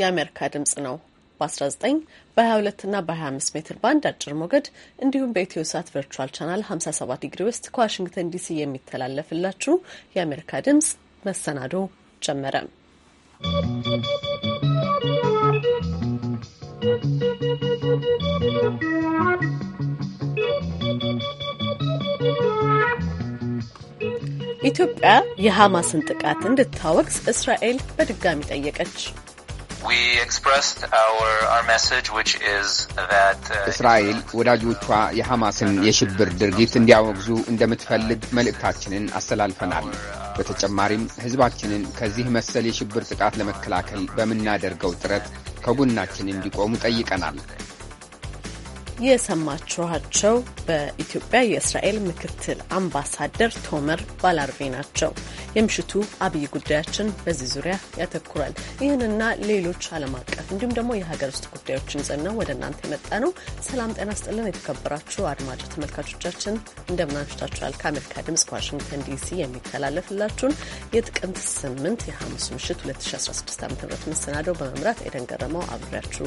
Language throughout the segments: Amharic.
የአሜሪካ ድምጽ ነው። በ19 በ22 እና በ25 ሜትር ባንድ አጭር ሞገድ እንዲሁም በኢትዮ ሳት ቨርቹዋል ቻናል 57 ዲግሪ ውስጥ ከዋሽንግተን ዲሲ የሚተላለፍላችሁ የአሜሪካ ድምጽ መሰናዶ ጀመረ። ኢትዮጵያ የሐማስን ጥቃት እንድታወግዝ እስራኤል በድጋሚ ጠየቀች። Uh, እስራኤል ወዳጆቿ የሐማስን የሽብር ድርጊት እንዲያወግዙ እንደምትፈልግ መልእክታችንን አስተላልፈናል። በተጨማሪም ሕዝባችንን ከዚህ መሰል የሽብር ጥቃት ለመከላከል በምናደርገው ጥረት ከጎናችን እንዲቆሙ ጠይቀናል። የሰማችኋቸው በኢትዮጵያ የእስራኤል ምክትል አምባሳደር ቶመር ባላርቬ ናቸው። የምሽቱ አብይ ጉዳያችን በዚህ ዙሪያ ያተኩራል። ይህንና ሌሎች ዓለም አቀፍ እንዲሁም ደግሞ የሀገር ውስጥ ጉዳዮችን ይዘን ነው ወደ እናንተ የመጣ ነው። ሰላም ጤና ስጥልን። የተከበራችሁ አድማጭ ተመልካቾቻችን እንደምን አምሽታችኋል? ከአሜሪካ ድምጽ ዋሽንግተን ዲሲ የሚተላለፍላችሁን የጥቅምት ስምንት የሐሙስ ምሽት 2016 ዓ ም መሰናደው በመምራት ኤደን ገረመው አብሬያችሁ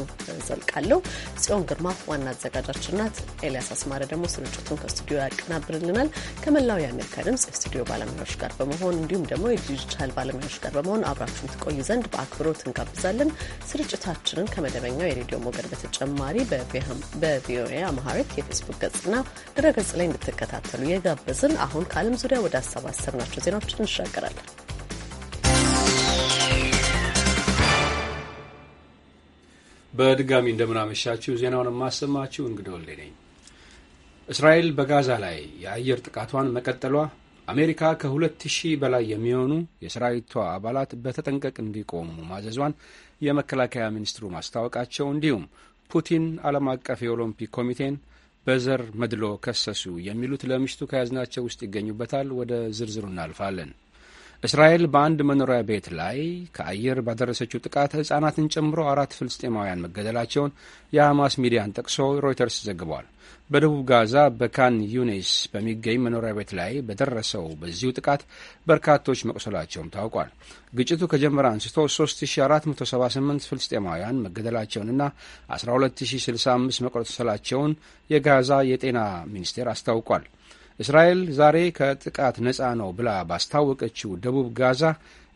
ዘልቃለሁ። ጽዮን ግርማ ዋና አዘጋጅ አዘጋጃችን ናት። ኤልያስ አስማረ ደግሞ ስርጭቱን ከስቱዲዮ ያቀናብርልናል። ከመላው የአሜሪካ ድምፅ የስቱዲዮ ባለሙያዎች ጋር በመሆን እንዲሁም ደግሞ የዲጂታል ባለሙያዎች ጋር በመሆን አብራችሁን ትቆዩ ዘንድ በአክብሮት እንጋብዛለን። ስርጭታችንን ከመደበኛው የሬዲዮ ሞገድ በተጨማሪ በቪኦኤ አማሐሪክ የፌስቡክ ገጽና ድረገጽ ላይ እንድትከታተሉ የጋበዝን። አሁን ከዓለም ዙሪያ ወደ አሰባሰብናቸው ዜናዎች እንሻገራለን። በድጋሚ እንደምናመሻችሁ ዜናውን የማሰማችሁ እንግዳ ወልዴ ነኝ። እስራኤል በጋዛ ላይ የአየር ጥቃቷን መቀጠሏ አሜሪካ ከሁለት ሺህ በላይ የሚሆኑ የሰራዊቷ አባላት በተጠንቀቅ እንዲቆሙ ማዘዟን የመከላከያ ሚኒስትሩ ማስታወቃቸው፣ እንዲሁም ፑቲን ዓለም አቀፍ የኦሎምፒክ ኮሚቴን በዘር መድሎ ከሰሱ የሚሉት ለምሽቱ ከያዝናቸው ውስጥ ይገኙበታል። ወደ ዝርዝሩ እናልፋለን። እስራኤል በአንድ መኖሪያ ቤት ላይ ከአየር ባደረሰችው ጥቃት ሕጻናትን ጨምሮ አራት ፍልስጤማውያን መገደላቸውን የሐማስ ሚዲያን ጠቅሶ ሮይተርስ ዘግቧል። በደቡብ ጋዛ በካን ዩኔስ በሚገኝ መኖሪያ ቤት ላይ በደረሰው በዚሁ ጥቃት በርካቶች መቁሰላቸውም ታውቋል። ግጭቱ ከጀመረ አንስቶ 3478 ፍልስጤማውያን መገደላቸውንና 12065 መቆሰላቸውን የጋዛ የጤና ሚኒስቴር አስታውቋል። እስራኤል ዛሬ ከጥቃት ነፃ ነው ብላ ባስታወቀችው ደቡብ ጋዛ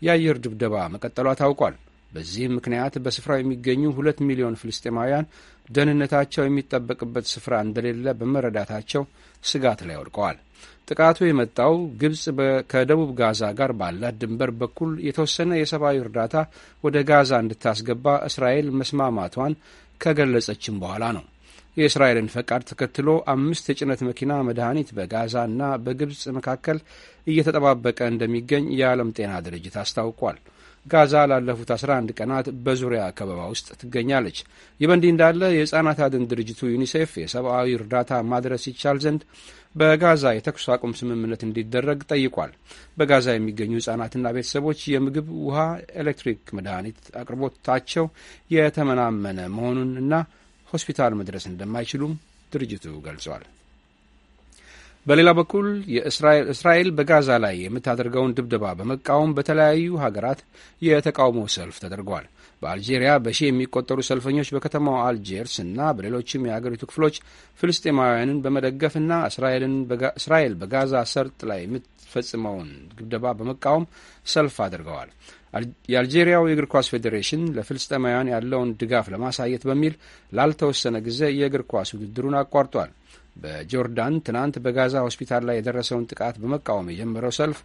የአየር ድብደባ መቀጠሏ ታውቋል። በዚህም ምክንያት በስፍራው የሚገኙ ሁለት ሚሊዮን ፍልስጤማውያን ደህንነታቸው የሚጠበቅበት ስፍራ እንደሌለ በመረዳታቸው ስጋት ላይ ወድቀዋል። ጥቃቱ የመጣው ግብጽ ከደቡብ ጋዛ ጋር ባላት ድንበር በኩል የተወሰነ የሰብአዊ እርዳታ ወደ ጋዛ እንድታስገባ እስራኤል መስማማቷን ከገለጸችም በኋላ ነው። የእስራኤልን ፈቃድ ተከትሎ አምስት የጭነት መኪና መድኃኒት በጋዛ እና በግብፅ መካከል እየተጠባበቀ እንደሚገኝ የዓለም ጤና ድርጅት አስታውቋል። ጋዛ ላለፉት 11 ቀናት በዙሪያ ከበባ ውስጥ ትገኛለች። ይህ በእንዲህ እንዳለ የሕፃናት አድን ድርጅቱ ዩኒሴፍ የሰብአዊ እርዳታ ማድረስ ይቻል ዘንድ በጋዛ የተኩስ አቁም ስምምነት እንዲደረግ ጠይቋል። በጋዛ የሚገኙ ሕፃናትና ቤተሰቦች የምግብ፣ ውሃ፣ ኤሌክትሪክ መድኃኒት አቅርቦታቸው የተመናመነ መሆኑንና ሆስፒታል መድረስ እንደማይችሉም ድርጅቱ ገልጿል። በሌላ በኩል እስራኤል በጋዛ ላይ የምታደርገውን ድብደባ በመቃወም በተለያዩ ሀገራት የተቃውሞ ሰልፍ ተደርጓል። በአልጄሪያ በሺ የሚቆጠሩ ሰልፈኞች በከተማው አልጄርስ እና በሌሎችም የሀገሪቱ ክፍሎች ፍልስጤማውያንን በመደገፍና እስራኤል በጋዛ ሰርጥ ላይ የምትፈጽመውን ድብደባ በመቃወም ሰልፍ አድርገዋል። የአልጄሪያው የእግር ኳስ ፌዴሬሽን ለፍልስጤማውያን ያለውን ድጋፍ ለማሳየት በሚል ላልተወሰነ ጊዜ የእግር ኳስ ውድድሩን አቋርጧል። በጆርዳን ትናንት በጋዛ ሆስፒታል ላይ የደረሰውን ጥቃት በመቃወም የጀመረው ሰልፍ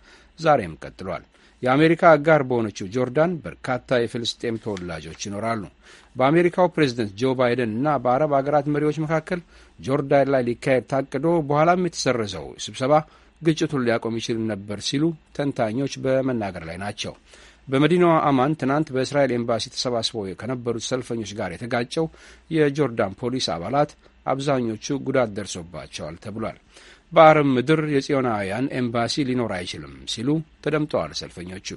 ዛሬም ቀጥሏል። የአሜሪካ አጋር በሆነችው ጆርዳን በርካታ የፍልስጤም ተወላጆች ይኖራሉ። በአሜሪካው ፕሬዝደንት ጆ ባይደን እና በአረብ አገራት መሪዎች መካከል ጆርዳን ላይ ሊካሄድ ታቅዶ በኋላም የተሰረዘው ስብሰባ ግጭቱን ሊያቆም ይችል ነበር ሲሉ ተንታኞች በመናገር ላይ ናቸው። በመዲናዋ አማን ትናንት በእስራኤል ኤምባሲ ተሰባስበው ከነበሩት ሰልፈኞች ጋር የተጋጨው የጆርዳን ፖሊስ አባላት አብዛኞቹ ጉዳት ደርሶባቸዋል ተብሏል። በአረብ ምድር የጽዮናውያን ኤምባሲ ሊኖር አይችልም ሲሉ ተደምጠዋል ሰልፈኞቹ።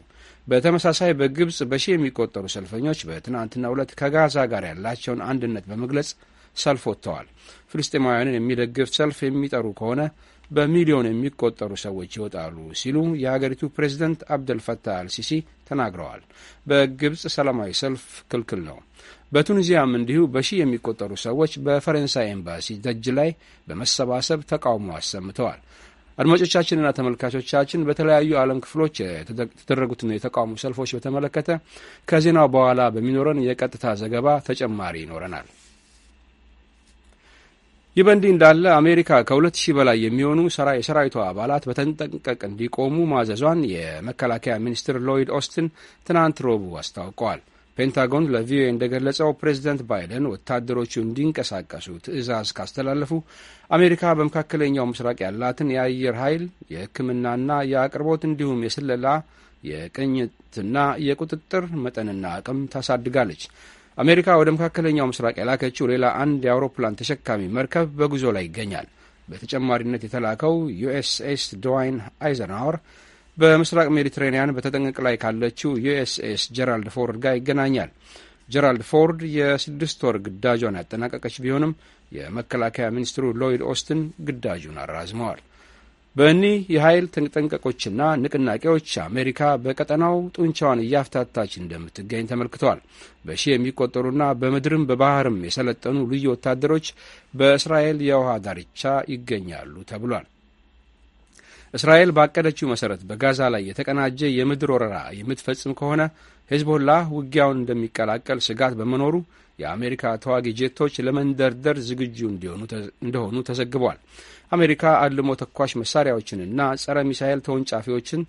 በተመሳሳይ በግብፅ በሺ የሚቆጠሩ ሰልፈኞች በትናንትናው ዕለት ከጋዛ ጋር ያላቸውን አንድነት በመግለጽ ሰልፍ ወጥተዋል። ፍልስጤማውያንን የሚደግፍ ሰልፍ የሚጠሩ ከሆነ በሚሊዮን የሚቆጠሩ ሰዎች ይወጣሉ ሲሉ የሀገሪቱ ፕሬዚደንት አብደልፈታህ አልሲሲ ተናግረዋል። በግብጽ ሰላማዊ ሰልፍ ክልክል ነው። በቱኒዚያም እንዲሁ በሺህ የሚቆጠሩ ሰዎች በፈረንሳይ ኤምባሲ ደጅ ላይ በመሰባሰብ ተቃውሞ አሰምተዋል። አድማጮቻችንና ተመልካቾቻችን በተለያዩ ዓለም ክፍሎች የተደረጉትን የተቃውሞ ሰልፎች በተመለከተ ከዜናው በኋላ በሚኖረን የቀጥታ ዘገባ ተጨማሪ ይኖረናል። ይህ በእንዲህ እንዳለ አሜሪካ ከ ሺህ በላይ የሚሆኑ የሰራዊቷ አባላት በተጠንቀቅ እንዲቆሙ ማዘዟን የመከላከያ ሚኒስትር ሎይድ ኦስትን ትናንት ረቡዕ አስታውቀዋል። ፔንታጎን ለቪኦኤ እንደገለጸው ፕሬዚደንት ባይደን ወታደሮቹ እንዲንቀሳቀሱ ትዕዛዝ ካስተላለፉ አሜሪካ በመካከለኛው ምስራቅ ያላትን የአየር ኃይል፣ የሕክምናና የአቅርቦት እንዲሁም የስለላ የቅኝትና የቁጥጥር መጠንና አቅም ታሳድጋለች። አሜሪካ ወደ መካከለኛው ምስራቅ የላከችው ሌላ አንድ የአውሮፕላን ተሸካሚ መርከብ በጉዞ ላይ ይገኛል። በተጨማሪነት የተላከው ዩኤስኤስ ድዋይን አይዘንሃወር በምስራቅ ሜዲትሬንያን በተጠንቀቅ ላይ ካለችው ዩኤስኤስ ጀራልድ ፎርድ ጋር ይገናኛል። ጀራልድ ፎርድ የስድስት ወር ግዳጇን ያጠናቀቀች ቢሆንም የመከላከያ ሚኒስትሩ ሎይድ ኦስትን ግዳጁን አራዝመዋል። በእኒህ የኃይል ተጠንቀቆችና ንቅናቄዎች አሜሪካ በቀጠናው ጡንቻዋን እያፍታታች እንደምትገኝ ተመልክተዋል። በሺ የሚቆጠሩና በምድርም በባህርም የሰለጠኑ ልዩ ወታደሮች በእስራኤል የውሃ ዳርቻ ይገኛሉ ተብሏል። እስራኤል ባቀደችው መሰረት በጋዛ ላይ የተቀናጀ የምድር ወረራ የምትፈጽም ከሆነ ሄዝቦላ ውጊያውን እንደሚቀላቀል ስጋት በመኖሩ የአሜሪካ ተዋጊ ጄቶች ለመንደርደር ዝግጁ እንደሆኑ ተዘግቧል። አሜሪካ አልሞ ተኳሽ መሳሪያዎችንና ጸረ ሚሳኤል ተወንጫፊዎችን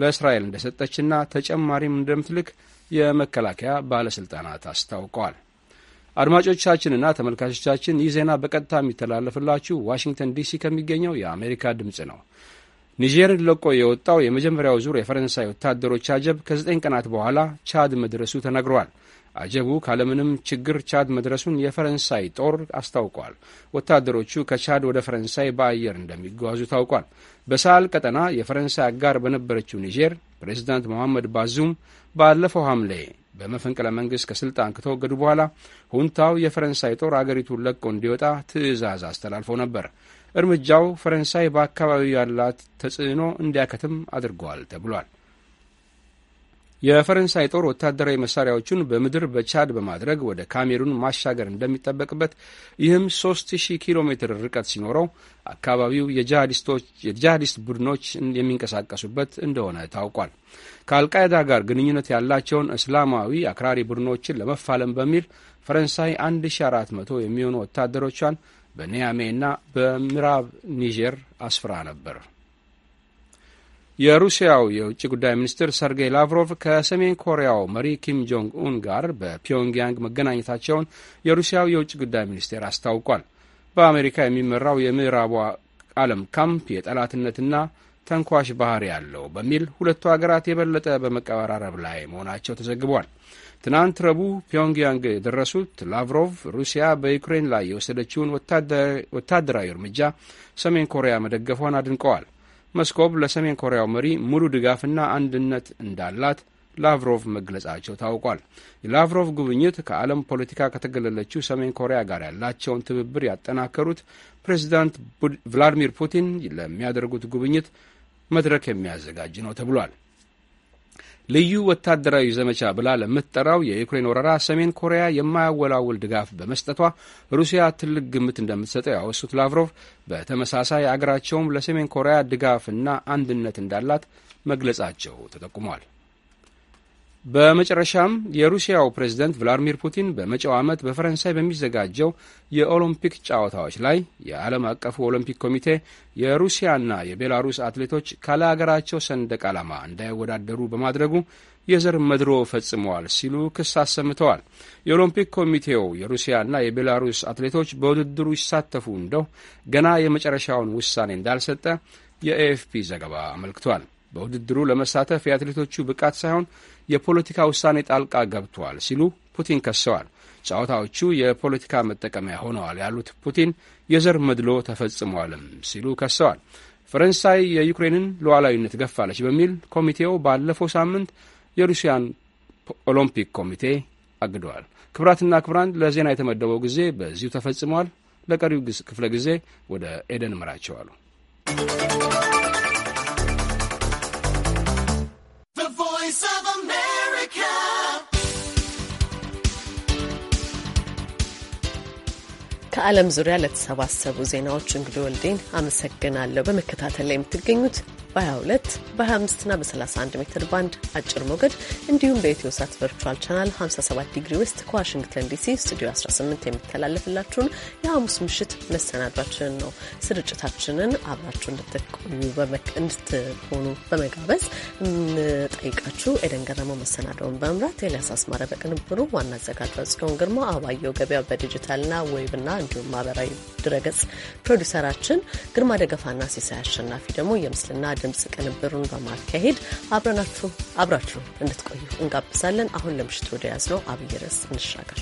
ለእስራኤል እንደሰጠችና ተጨማሪም እንደምትልክ የመከላከያ ባለሥልጣናት አስታውቀዋል። አድማጮቻችንና ተመልካቾቻችን ይህ ዜና በቀጥታ የሚተላለፍላችሁ ዋሽንግተን ዲሲ ከሚገኘው የአሜሪካ ድምፅ ነው። ኒጀርን ለቆ የወጣው የመጀመሪያው ዙር የፈረንሳይ ወታደሮች አጀብ ከዘጠኝ ቀናት በኋላ ቻድ መድረሱ ተነግሯል። አጀቡ ካለምንም ችግር ቻድ መድረሱን የፈረንሳይ ጦር አስታውቋል። ወታደሮቹ ከቻድ ወደ ፈረንሳይ በአየር እንደሚጓዙ ታውቋል። በሳል ቀጠና የፈረንሳይ አጋር በነበረችው ኒጀር ፕሬዚዳንት መሐመድ ባዙም ባለፈው ሐምሌ በመፈንቅለ መንግሥት ከሥልጣን ከተወገዱ በኋላ ሁንታው የፈረንሳይ ጦር አገሪቱን ለቆ እንዲወጣ ትዕዛዝ አስተላልፎ ነበር። እርምጃው ፈረንሳይ በአካባቢው ያላት ተጽዕኖ እንዲያከትም አድርጓል ተብሏል። የፈረንሳይ ጦር ወታደራዊ መሳሪያዎቹን በምድር በቻድ በማድረግ ወደ ካሜሩን ማሻገር እንደሚጠበቅበት ይህም 3000 ኪሎ ሜትር ርቀት ሲኖረው አካባቢው የጂሃዲስት ቡድኖች የሚንቀሳቀሱበት እንደሆነ ታውቋል። ከአልቃይዳ ጋር ግንኙነት ያላቸውን እስላማዊ አክራሪ ቡድኖችን ለመፋለም በሚል ፈረንሳይ 1400 የሚሆኑ ወታደሮቿን በኒያሜ እና በምዕራብ ኒጀር አስፍራ ነበር። የሩሲያው የውጭ ጉዳይ ሚኒስትር ሰርጌይ ላቭሮቭ ከሰሜን ኮሪያው መሪ ኪም ጆንግ ኡን ጋር በፒዮንግያንግ መገናኘታቸውን የሩሲያው የውጭ ጉዳይ ሚኒስቴር አስታውቋል። በአሜሪካ የሚመራው የምዕራቡ ዓለም ካምፕ የጠላትነትና ተንኳሽ ባህሪ ያለው በሚል ሁለቱ ሀገራት የበለጠ በመቀራረብ ላይ መሆናቸው ተዘግቧል። ትናንት ረቡዕ ፒዮንግያንግ የደረሱት ላቭሮቭ ሩሲያ በዩክሬን ላይ የወሰደችውን ወታደራዊ እርምጃ ሰሜን ኮሪያ መደገፏን አድንቀዋል። መስኮቭ ለሰሜን ኮሪያው መሪ ሙሉ ድጋፍና አንድነት እንዳላት ላቭሮቭ መግለጻቸው ታውቋል። የላቭሮቭ ጉብኝት ከዓለም ፖለቲካ ከተገለለችው ሰሜን ኮሪያ ጋር ያላቸውን ትብብር ያጠናከሩት ፕሬዚዳንት ቭላዲሚር ፑቲን ለሚያደርጉት ጉብኝት መድረክ የሚያዘጋጅ ነው ተብሏል። ልዩ ወታደራዊ ዘመቻ ብላ ለምትጠራው የዩክሬን ወረራ ሰሜን ኮሪያ የማያወላውል ድጋፍ በመስጠቷ ሩሲያ ትልቅ ግምት እንደምትሰጠው ያወሱት ላቭሮቭ በተመሳሳይ አገራቸውም ለሰሜን ኮሪያ ድጋፍና አንድነት እንዳላት መግለጻቸው ተጠቁሟል። በመጨረሻም የሩሲያው ፕሬዝደንት ቭላዲሚር ፑቲን በመጪው ዓመት በፈረንሳይ በሚዘጋጀው የኦሎምፒክ ጨዋታዎች ላይ የዓለም አቀፉ ኦሎምፒክ ኮሚቴ የሩሲያና የቤላሩስ አትሌቶች ካለ አገራቸው ሰንደቅ ዓላማ እንዳይወዳደሩ በማድረጉ የዘር መድሮ ፈጽመዋል ሲሉ ክስ አሰምተዋል። የኦሎምፒክ ኮሚቴው የሩሲያና የቤላሩስ አትሌቶች በውድድሩ ይሳተፉ እንደው ገና የመጨረሻውን ውሳኔ እንዳልሰጠ የኤኤፍፒ ዘገባ አመልክቷል። በውድድሩ ለመሳተፍ የአትሌቶቹ ብቃት ሳይሆን የፖለቲካ ውሳኔ ጣልቃ ገብተዋል ሲሉ ፑቲን ከሰዋል። ጨዋታዎቹ የፖለቲካ መጠቀሚያ ሆነዋል ያሉት ፑቲን የዘር መድሎ ተፈጽሟልም ሲሉ ከሰዋል። ፈረንሳይ የዩክሬንን ሉዓላዊነት ገፋለች በሚል ኮሚቴው ባለፈው ሳምንት የሩሲያን ኦሎምፒክ ኮሚቴ አግደዋል። ክብራትና ክብራን ለዜና የተመደበው ጊዜ በዚሁ ተፈጽሟል። ለቀሪው ክፍለ ጊዜ ወደ ኤደን መራቸዋሉ። ከዓለም ዙሪያ ለተሰባሰቡ ዜናዎች እንግዲህ ወልዴን አመሰግናለሁ። በመከታተል ላይ የምትገኙት በ22 በ25 ና በ31 ሜትር ባንድ አጭር ሞገድ እንዲሁም በኢትዮ ሳት ቨርቹዋል ቻናል 57 ዲግሪ ውስጥ ከዋሽንግተን ዲሲ ስቱዲዮ 18 የሚተላለፍላችሁን የሐሙስ ምሽት መሰናዷችንን ነው። ስርጭታችንን አብራችሁ እንድትቆዩ እንድትሆኑ በመጋበዝ እንጠይቃችሁ። ኤደን ገረመው መሰናዳውን በመምራት ኤልያስ አስማረ በቅንብሩ ዋና አዘጋጇ ጽዮን ግርማ አባየው ገበያ በዲጂታልና ና እንዲሁም ማህበራዊ ድረገጽ ፕሮዲሰራችን ግርማ ደገፋና ሲሳይ አሸናፊ ደግሞ የምስልና ድምፅ ቅንብሩን በማካሄድ አብረናችሁ አብራችሁ እንድትቆዩ እንጋብዛለን። አሁን ለምሽት ወደ ያዝነው አብይ ርዕስ እንሻገር።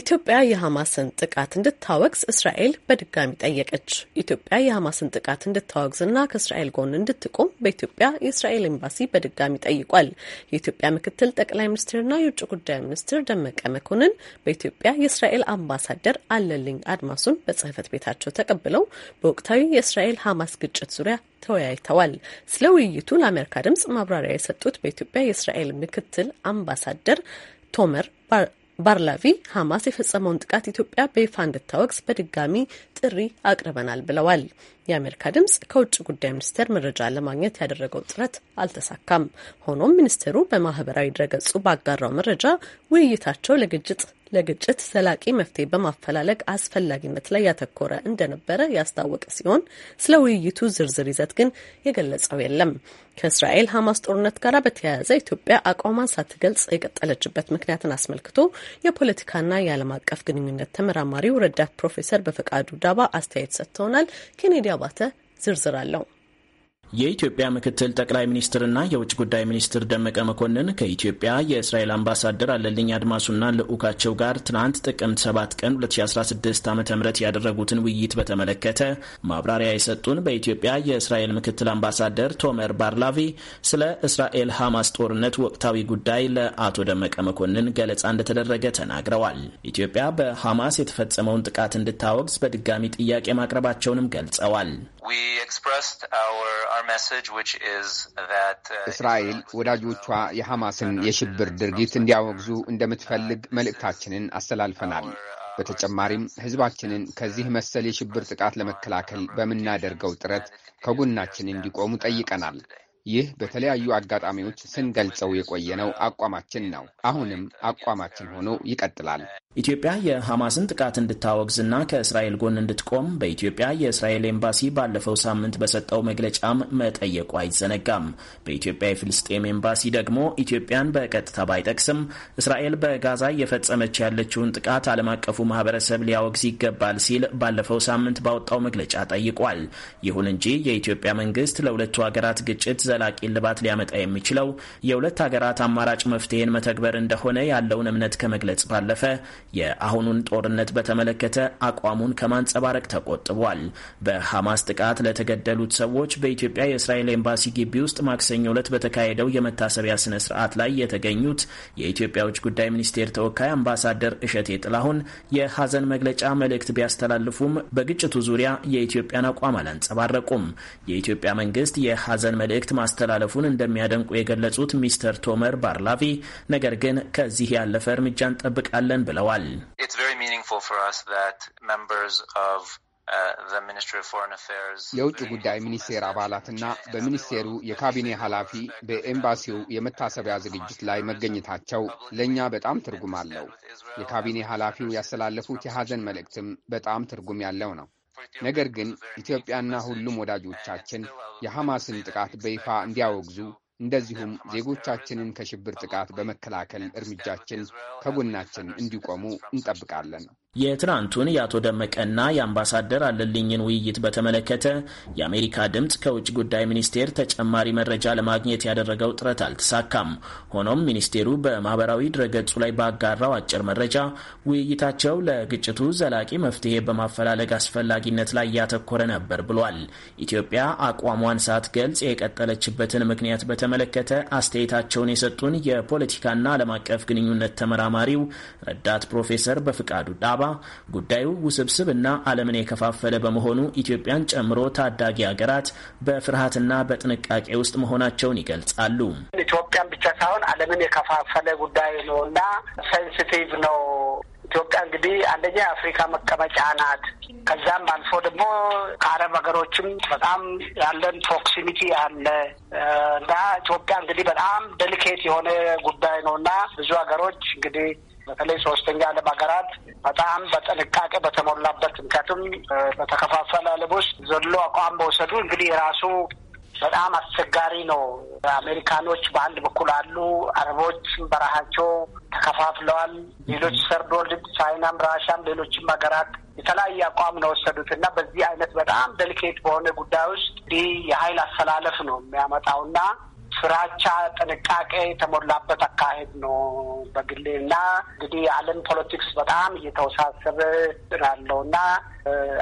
ኢትዮጵያ የሐማስን ጥቃት እንድታወግዝ እስራኤል በድጋሚ ጠየቀች። ኢትዮጵያ የሐማስን ጥቃት እንድታወግዝና ከእስራኤል ጎን እንድትቆም በኢትዮጵያ የእስራኤል ኤምባሲ በድጋሚ ጠይቋል። የኢትዮጵያ ምክትል ጠቅላይ ሚኒስትርና የውጭ ጉዳይ ሚኒስትር ደመቀ መኮንን በኢትዮጵያ የእስራኤል አምባሳደር አለልኝ አድማሱን በጽህፈት ቤታቸው ተቀብለው በወቅታዊ የእስራኤል ሐማስ ግጭት ዙሪያ ተወያይተዋል። ስለ ውይይቱ ለአሜሪካ ድምጽ ማብራሪያ የሰጡት በኢትዮጵያ የእስራኤል ምክትል አምባሳደር ቶመር ባርላቪ ሐማስ የፈጸመውን ጥቃት ኢትዮጵያ በይፋ እንድታወቅስ በድጋሚ ጥሪ አቅርበናል ብለዋል። የአሜሪካ ድምጽ ከውጭ ጉዳይ ሚኒስቴር መረጃ ለማግኘት ያደረገው ጥረት አልተሳካም። ሆኖም ሚኒስቴሩ በማህበራዊ ድረገጹ ባጋራው መረጃ ውይይታቸው ለግጭት ለግጭት ዘላቂ መፍትሄ በማፈላለግ አስፈላጊነት ላይ ያተኮረ እንደነበረ ያስታወቀ ሲሆን ስለ ውይይቱ ዝርዝር ይዘት ግን የገለጸው የለም። ከእስራኤል ሐማስ ጦርነት ጋር በተያያዘ ኢትዮጵያ አቋሟን ሳትገልጽ የቀጠለችበት ምክንያትን አስመልክቶ የፖለቲካና የዓለም አቀፍ ግንኙነት ተመራማሪው ረዳት ፕሮፌሰር በፈቃዱ ዳባ አስተያየት ሰጥተውናል። ኬኔዲ አባተ ዝርዝር አለው። የኢትዮጵያ ምክትል ጠቅላይ ሚኒስትርና የውጭ ጉዳይ ሚኒስትር ደመቀ መኮንን ከኢትዮጵያ የእስራኤል አምባሳደር አለልኝ አድማሱና ልዑካቸው ጋር ትናንት ጥቅምት 7 ቀን 2016 ዓ ም ያደረጉትን ውይይት በተመለከተ ማብራሪያ የሰጡን በኢትዮጵያ የእስራኤል ምክትል አምባሳደር ቶመር ባርላቪ ስለ እስራኤል ሐማስ ጦርነት ወቅታዊ ጉዳይ ለአቶ ደመቀ መኮንን ገለጻ እንደተደረገ ተናግረዋል። ኢትዮጵያ በሐማስ የተፈጸመውን ጥቃት እንድታወግዝ በድጋሚ ጥያቄ ማቅረባቸውንም ገልጸዋል። Uh, እስራኤል ወዳጆቿ የሐማስን uh, የሽብር uh, ድርጊት እንዲያወግዙ እንደምትፈልግ መልእክታችንን አስተላልፈናል። በተጨማሪም ሕዝባችንን ከዚህ መሰል የሽብር ጥቃት ለመከላከል በምናደርገው ጥረት ከጎናችን እንዲቆሙ ጠይቀናል። ይህ በተለያዩ አጋጣሚዎች ስንገልጸው የቆየነው አቋማችን ነው። አሁንም አቋማችን ሆኖ ይቀጥላል። ኢትዮጵያ የሐማስን ጥቃት እንድታወግዝና ከእስራኤል ጎን እንድትቆም በኢትዮጵያ የእስራኤል ኤምባሲ ባለፈው ሳምንት በሰጠው መግለጫም መጠየቁ አይዘነጋም። በኢትዮጵያ የፍልስጤም ኤምባሲ ደግሞ ኢትዮጵያን በቀጥታ ባይጠቅስም እስራኤል በጋዛ እየፈጸመች ያለችውን ጥቃት ዓለም አቀፉ ማህበረሰብ ሊያወግዝ ይገባል ሲል ባለፈው ሳምንት ባወጣው መግለጫ ጠይቋል። ይሁን እንጂ የኢትዮጵያ መንግስት ለሁለቱ ሀገራት ግጭት ዘላቂ እልባት ሊያመጣ የሚችለው የሁለት ሀገራት አማራጭ መፍትሄን መተግበር እንደሆነ ያለውን እምነት ከመግለጽ ባለፈ የአሁኑን ጦርነት በተመለከተ አቋሙን ከማንጸባረቅ ተቆጥቧል። በሐማስ ጥቃት ለተገደሉት ሰዎች በኢትዮጵያ የእስራኤል ኤምባሲ ግቢ ውስጥ ማክሰኞ ዕለት በተካሄደው የመታሰቢያ ስነ ስርዓት ላይ የተገኙት የኢትዮጵያ ውጭ ጉዳይ ሚኒስቴር ተወካይ አምባሳደር እሸቴ ጥላሁን የሐዘን መግለጫ መልእክት ቢያስተላልፉም በግጭቱ ዙሪያ የኢትዮጵያን አቋም አላንጸባረቁም። የኢትዮጵያ መንግስት የሐዘን መልእክት ማስተላለፉን እንደሚያደንቁ የገለጹት ሚስተር ቶመር ባርላቪ ነገር ግን ከዚህ ያለፈ እርምጃ እንጠብቃለን ብለዋል። ይገኛል። uh, የውጭ ጉዳይ ሚኒስቴር አባላትና በሚኒስቴሩ የካቢኔ ኃላፊ በኤምባሲው የመታሰቢያ ዝግጅት ላይ መገኘታቸው ለእኛ በጣም ትርጉም አለው። የካቢኔ ኃላፊው ያስተላለፉት የሐዘን መልእክትም በጣም ትርጉም ያለው ነው። ነገር ግን ኢትዮጵያና ሁሉም ወዳጆቻችን የሐማስን ጥቃት በይፋ እንዲያወግዙ እንደዚሁም ዜጎቻችንን ከሽብር ጥቃት በመከላከል እርምጃችን ከጎናችን እንዲቆሙ እንጠብቃለን። የትናንቱን የአቶ ደመቀና የአምባሳደር አለልኝን ውይይት በተመለከተ የአሜሪካ ድምፅ ከውጭ ጉዳይ ሚኒስቴር ተጨማሪ መረጃ ለማግኘት ያደረገው ጥረት አልተሳካም። ሆኖም ሚኒስቴሩ በማህበራዊ ድረገጹ ላይ ባጋራው አጭር መረጃ ውይይታቸው ለግጭቱ ዘላቂ መፍትሄ በማፈላለግ አስፈላጊነት ላይ ያተኮረ ነበር ብሏል። ኢትዮጵያ አቋሟን ሳትገልጽ የቀጠለችበትን ምክንያት በተመ በተመለከተ አስተያየታቸውን የሰጡን የፖለቲካና ዓለም አቀፍ ግንኙነት ተመራማሪው ረዳት ፕሮፌሰር በፍቃዱ ዳባ ጉዳዩ ውስብስብ እና ዓለምን የከፋፈለ በመሆኑ ኢትዮጵያን ጨምሮ ታዳጊ ሀገራት በፍርሃትና በጥንቃቄ ውስጥ መሆናቸውን ይገልጻሉ። ኢትዮጵያን ብቻ ሳይሆን ዓለምን የከፋፈለ ጉዳይ ነው እና ሴንሲቲቭ ነው ኢትዮጵያ እንግዲህ አንደኛ የአፍሪካ መቀመጫ ናት። ከዛም አልፎ ደግሞ ከአረብ ሀገሮችም በጣም ያለን ፕሮክሲሚቲ አለ እና ኢትዮጵያ እንግዲህ በጣም ደሊኬት የሆነ ጉዳይ ነው እና ብዙ ሀገሮች እንግዲህ በተለይ ሶስተኛ ዓለም ሀገራት በጣም በጥንቃቄ በተሞላበት ምክንያቱም በተከፋፈለ ዓለም ውስጥ ዘሎ አቋም በወሰዱ እንግዲህ የራሱ በጣም አስቸጋሪ ነው። አሜሪካኖች በአንድ በኩል አሉ፣ አረቦች በረሃቸው ተከፋፍለዋል። ሌሎች ሰርዶ ቻይናም፣ ራሻም ሌሎችም ሀገራት የተለያየ አቋም ነው ወሰዱት እና በዚህ አይነት በጣም ደሊኬት በሆነ ጉዳይ ውስጥ ይህ የሀይል አሰላለፍ ነው የሚያመጣውና ፍራቻ፣ ጥንቃቄ የተሞላበት አካሄድ ነው በግሌ እና እንግዲህ የዓለም ፖለቲክስ በጣም እየተወሳሰበ ያለው እና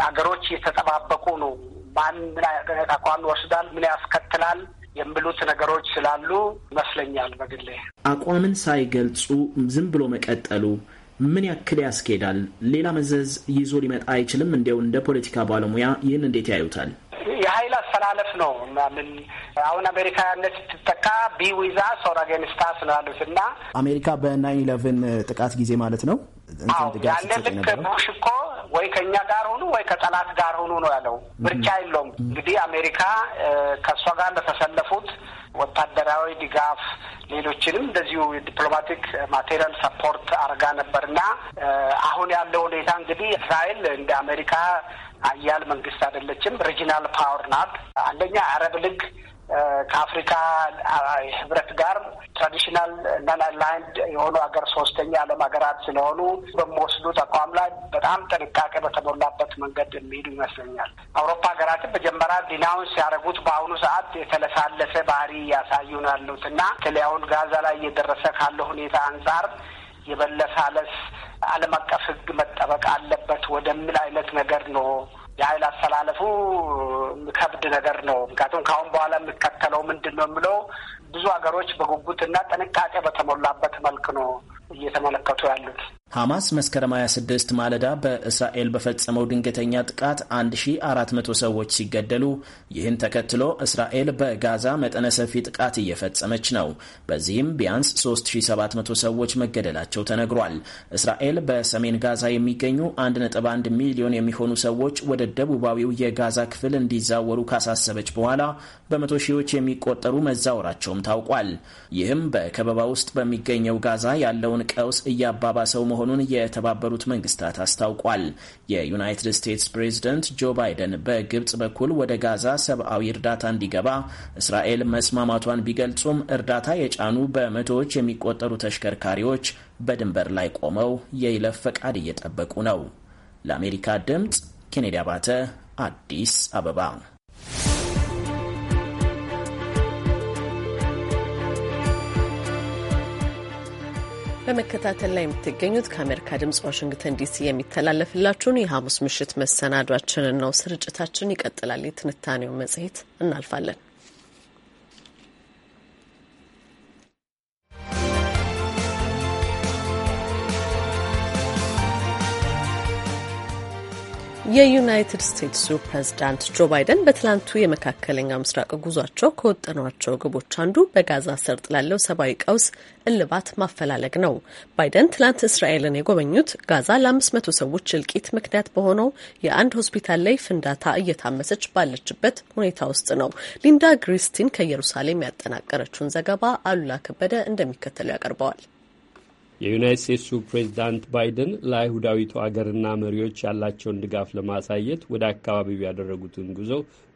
አገሮች እየተጠባበቁ ነው። ማን ምን አቋም ይወስዳል፣ ምን ያስከትላል የሚሉት ነገሮች ስላሉ ይመስለኛል በግሌ አቋምን ሳይገልጹ ዝም ብሎ መቀጠሉ ምን ያክል ያስኬዳል? ሌላ መዘዝ ይዞ ሊመጣ አይችልም? እንዲያው እንደ ፖለቲካ ባለሙያ ይህን እንዴት ያዩታል? የሀይል አስተላለፍ ነው። ምን አሁን አሜሪካ ያለች ስትጠቃ ቢ ዊዛ ሶር አገንስታስ ነው ያሉት እና አሜሪካ በናይን ኢለቨን ጥቃት ጊዜ ማለት ነው ያለ ልክ ቡሽ እኮ ወይ ከእኛ ጋር ሆኑ ወይ ከጠላት ጋር ሆኑ ነው ያለው። ምርጫ የለውም። እንግዲህ አሜሪካ ከእሷ ጋር ለተሰለፉት ወታደራዊ ድጋፍ፣ ሌሎችንም እንደዚሁ ዲፕሎማቲክ ማቴሪያል ሰፖርት አድርጋ ነበርና አሁን ያለው ሁኔታ እንግዲህ እስራኤል እንደ አሜሪካ አያል መንግስት አይደለችም። ሪጂናል ፓወር ናት። አንደኛ አረብ ልግ ከአፍሪካ ህብረት ጋር ትራዲሽናል ነን አላይንድ የሆኑ ሀገር ሶስተኛ ዓለም ሀገራት ስለሆኑ በሚወስዱ ተቋም ላይ በጣም ጥንቃቄ በተሞላበት መንገድ የሚሄዱ ይመስለኛል። አውሮፓ ሀገራትን መጀመሪያ ዲናውንስ ያደረጉት በአሁኑ ሰዓት የተለሳለሰ ባህሪ እያሳዩ ነው ያሉት እና በተለይ አሁን ጋዛ ላይ እየደረሰ ካለው ሁኔታ አንጻር የበለሳለስ ዓለም አቀፍ ህግ መጠበቅ አለበት ወደሚል አይነት ነገር ነው የኃይል አስተላለፉ ከብድ ነገር ነው። ምክንያቱም ከአሁን በኋላ የሚከተለው ምንድን ነው የምለው ብዙ ሀገሮች በጉጉትና ጥንቃቄ በተሞላበት መልክ ነው እየተመለከቱ ያሉት። ሐማስ መስከረም 26 ማለዳ በእስራኤል በፈጸመው ድንገተኛ ጥቃት 1400 ሰዎች ሲገደሉ ይህን ተከትሎ እስራኤል በጋዛ መጠነ ሰፊ ጥቃት እየፈጸመች ነው። በዚህም ቢያንስ 3700 ሰዎች መገደላቸው ተነግሯል። እስራኤል በሰሜን ጋዛ የሚገኙ 1.1 ሚሊዮን የሚሆኑ ሰዎች ወደ ደቡባዊው የጋዛ ክፍል እንዲዛወሩ ካሳሰበች በኋላ በመቶ ሺዎች የሚቆጠሩ መዛወራቸውም ታውቋል። ይህም በከበባ ውስጥ በሚገኘው ጋዛ ያለውን ቀውስ እያባባሰው መሆ መሆኑን የተባበሩት መንግስታት አስታውቋል። የዩናይትድ ስቴትስ ፕሬዝደንት ጆ ባይደን በግብጽ በኩል ወደ ጋዛ ሰብአዊ እርዳታ እንዲገባ እስራኤል መስማማቷን ቢገልጹም እርዳታ የጫኑ በመቶዎች የሚቆጠሩ ተሽከርካሪዎች በድንበር ላይ ቆመው የይለፍ ፈቃድ እየጠበቁ ነው። ለአሜሪካ ድምፅ ኬኔዲ አባተ አዲስ አበባ በመከታተል ላይ የምትገኙት ከአሜሪካ ድምጽ ዋሽንግተን ዲሲ የሚተላለፍላችሁን የሐሙስ ምሽት መሰናዷችንን ነው። ስርጭታችን ይቀጥላል። የትንታኔው መጽሔት እናልፋለን። የዩናይትድ ስቴትሱ ፕሬዚዳንት ጆ ባይደን በትላንቱ የመካከለኛው ምስራቅ ጉዟቸው ከወጠኗቸው ግቦች አንዱ በጋዛ ሰርጥ ላለው ሰብአዊ ቀውስ እልባት ማፈላለግ ነው። ባይደን ትላንት እስራኤልን የጎበኙት ጋዛ ለአምስት መቶ ሰዎች እልቂት ምክንያት በሆነው የአንድ ሆስፒታል ላይ ፍንዳታ እየታመሰች ባለችበት ሁኔታ ውስጥ ነው። ሊንዳ ግሪስቲን ከኢየሩሳሌም ያጠናቀረችውን ዘገባ አሉላ ከበደ እንደሚከተለው ያቀርበዋል። የዩናይት ስቴትሱ ፕሬዚዳንት ባይደን ለአይሁዳዊቱ አገርና መሪዎች ያላቸውን ድጋፍ ለማሳየት ወደ አካባቢው ያደረጉትን ጉዞ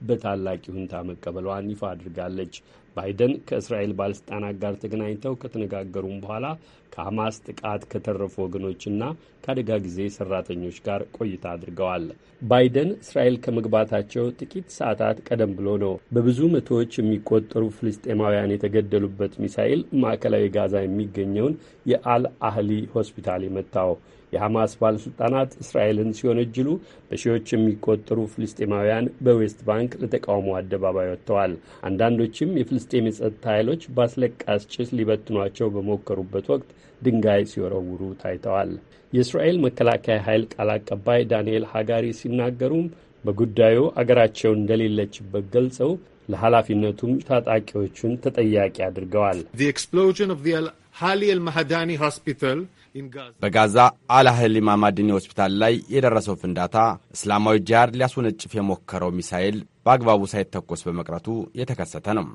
በታላቅ ይሁንታ መቀበሏን ይፋ አድርጋለች። ባይደን ከእስራኤል ባለስልጣናት ጋር ተገናኝተው ከተነጋገሩም በኋላ ከሐማስ ጥቃት ከተረፉ ወገኖችና ከአደጋ ጊዜ ሰራተኞች ጋር ቆይታ አድርገዋል። ባይደን እስራኤል ከመግባታቸው ጥቂት ሰዓታት ቀደም ብሎ ነው በብዙ መቶዎች የሚቆጠሩ ፍልስጤማውያን የተገደሉበት ሚሳኤል ማዕከላዊ ጋዛ የሚገኘውን የአል አህሊ ሆስፒታል የመታው። የሐማስ ባለሥልጣናት እስራኤልን ሲወነጅሉ በሺዎች የሚቆጠሩ ፍልስጤማውያን በዌስት ባንክ ለተቃውሞ አደባባይ ወጥተዋል። አንዳንዶችም የፍልስጤም የጸጥታ ኃይሎች በአስለቃስ ጭስ ሊበትኗቸው በሞከሩበት ወቅት ድንጋይ ሲወረውሩ ታይተዋል። የእስራኤል መከላከያ ኃይል ቃል አቀባይ ዳንኤል ሀጋሪ ሲናገሩም በጉዳዩ አገራቸው እንደሌለችበት ገልጸው ለኃላፊነቱም ታጣቂዎቹን ተጠያቂ አድርገዋል። ሃሊ explosion of በጋዛ አልአህሊማ ማድኒ ሆስፒታል ላይ የደረሰው ፍንዳታ እስላማዊ ጂሃድ ሊያስወነጭፍ የሞከረው ሚሳኤል በአግባቡ ሳይተኮስ በመቅረቱ የተከሰተ ነው።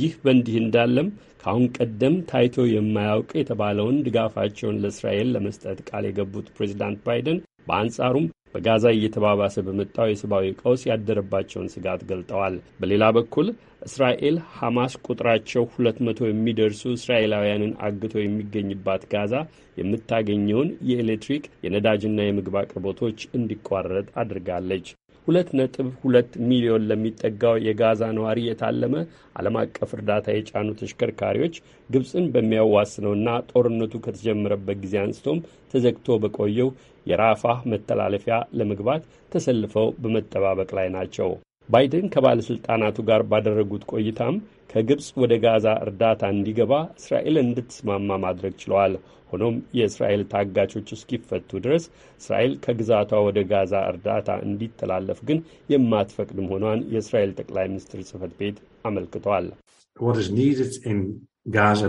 ይህ በእንዲህ እንዳለም ከአሁን ቀደም ታይቶ የማያውቅ የተባለውን ድጋፋቸውን ለእስራኤል ለመስጠት ቃል የገቡት ፕሬዚዳንት ባይደን በአንጻሩም በጋዛ እየተባባሰ በመጣው የሰብአዊ ቀውስ ያደረባቸውን ስጋት ገልጠዋል። በሌላ በኩል እስራኤል ሐማስ ቁጥራቸው ሁለት መቶ የሚደርሱ እስራኤላውያንን አግቶ የሚገኝባት ጋዛ የምታገኘውን የኤሌክትሪክ የነዳጅና የምግብ አቅርቦቶች እንዲቋረጥ አድርጋለች። ሁለት ነጥብ ሁለት ሚሊዮን ለሚጠጋው የጋዛ ነዋሪ የታለመ ዓለም አቀፍ እርዳታ የጫኑ ተሽከርካሪዎች ግብፅን በሚያዋስነውና ጦርነቱ ከተጀመረበት ጊዜ አንስቶም ተዘግቶ በቆየው የራፋህ መተላለፊያ ለመግባት ተሰልፈው በመጠባበቅ ላይ ናቸው። ባይደን ከባለሥልጣናቱ ጋር ባደረጉት ቆይታም ከግብፅ ወደ ጋዛ እርዳታ እንዲገባ እስራኤል እንድትስማማ ማድረግ ችለዋል። ሆኖም የእስራኤል ታጋቾች እስኪፈቱ ድረስ እስራኤል ከግዛቷ ወደ ጋዛ እርዳታ እንዲተላለፍ ግን የማትፈቅድ መሆኗን የእስራኤል ጠቅላይ ሚኒስትር ጽህፈት ቤት አመልክቷል። ጋዛ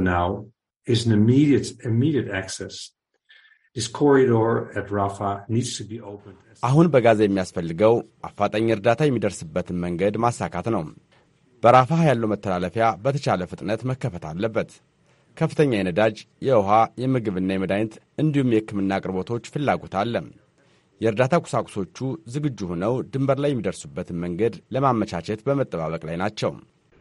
አሁን በጋዛ የሚያስፈልገው አፋጣኝ እርዳታ የሚደርስበትን መንገድ ማሳካት ነው። በራፋህ ያለው መተላለፊያ በተቻለ ፍጥነት መከፈት አለበት። ከፍተኛ የነዳጅ፣ የውሃ፣ የምግብና የመድኃኒት እንዲሁም የሕክምና አቅርቦቶች ፍላጎት አለ። የእርዳታ ቁሳቁሶቹ ዝግጁ ሆነው ድንበር ላይ የሚደርሱበትን መንገድ ለማመቻቸት በመጠባበቅ ላይ ናቸው።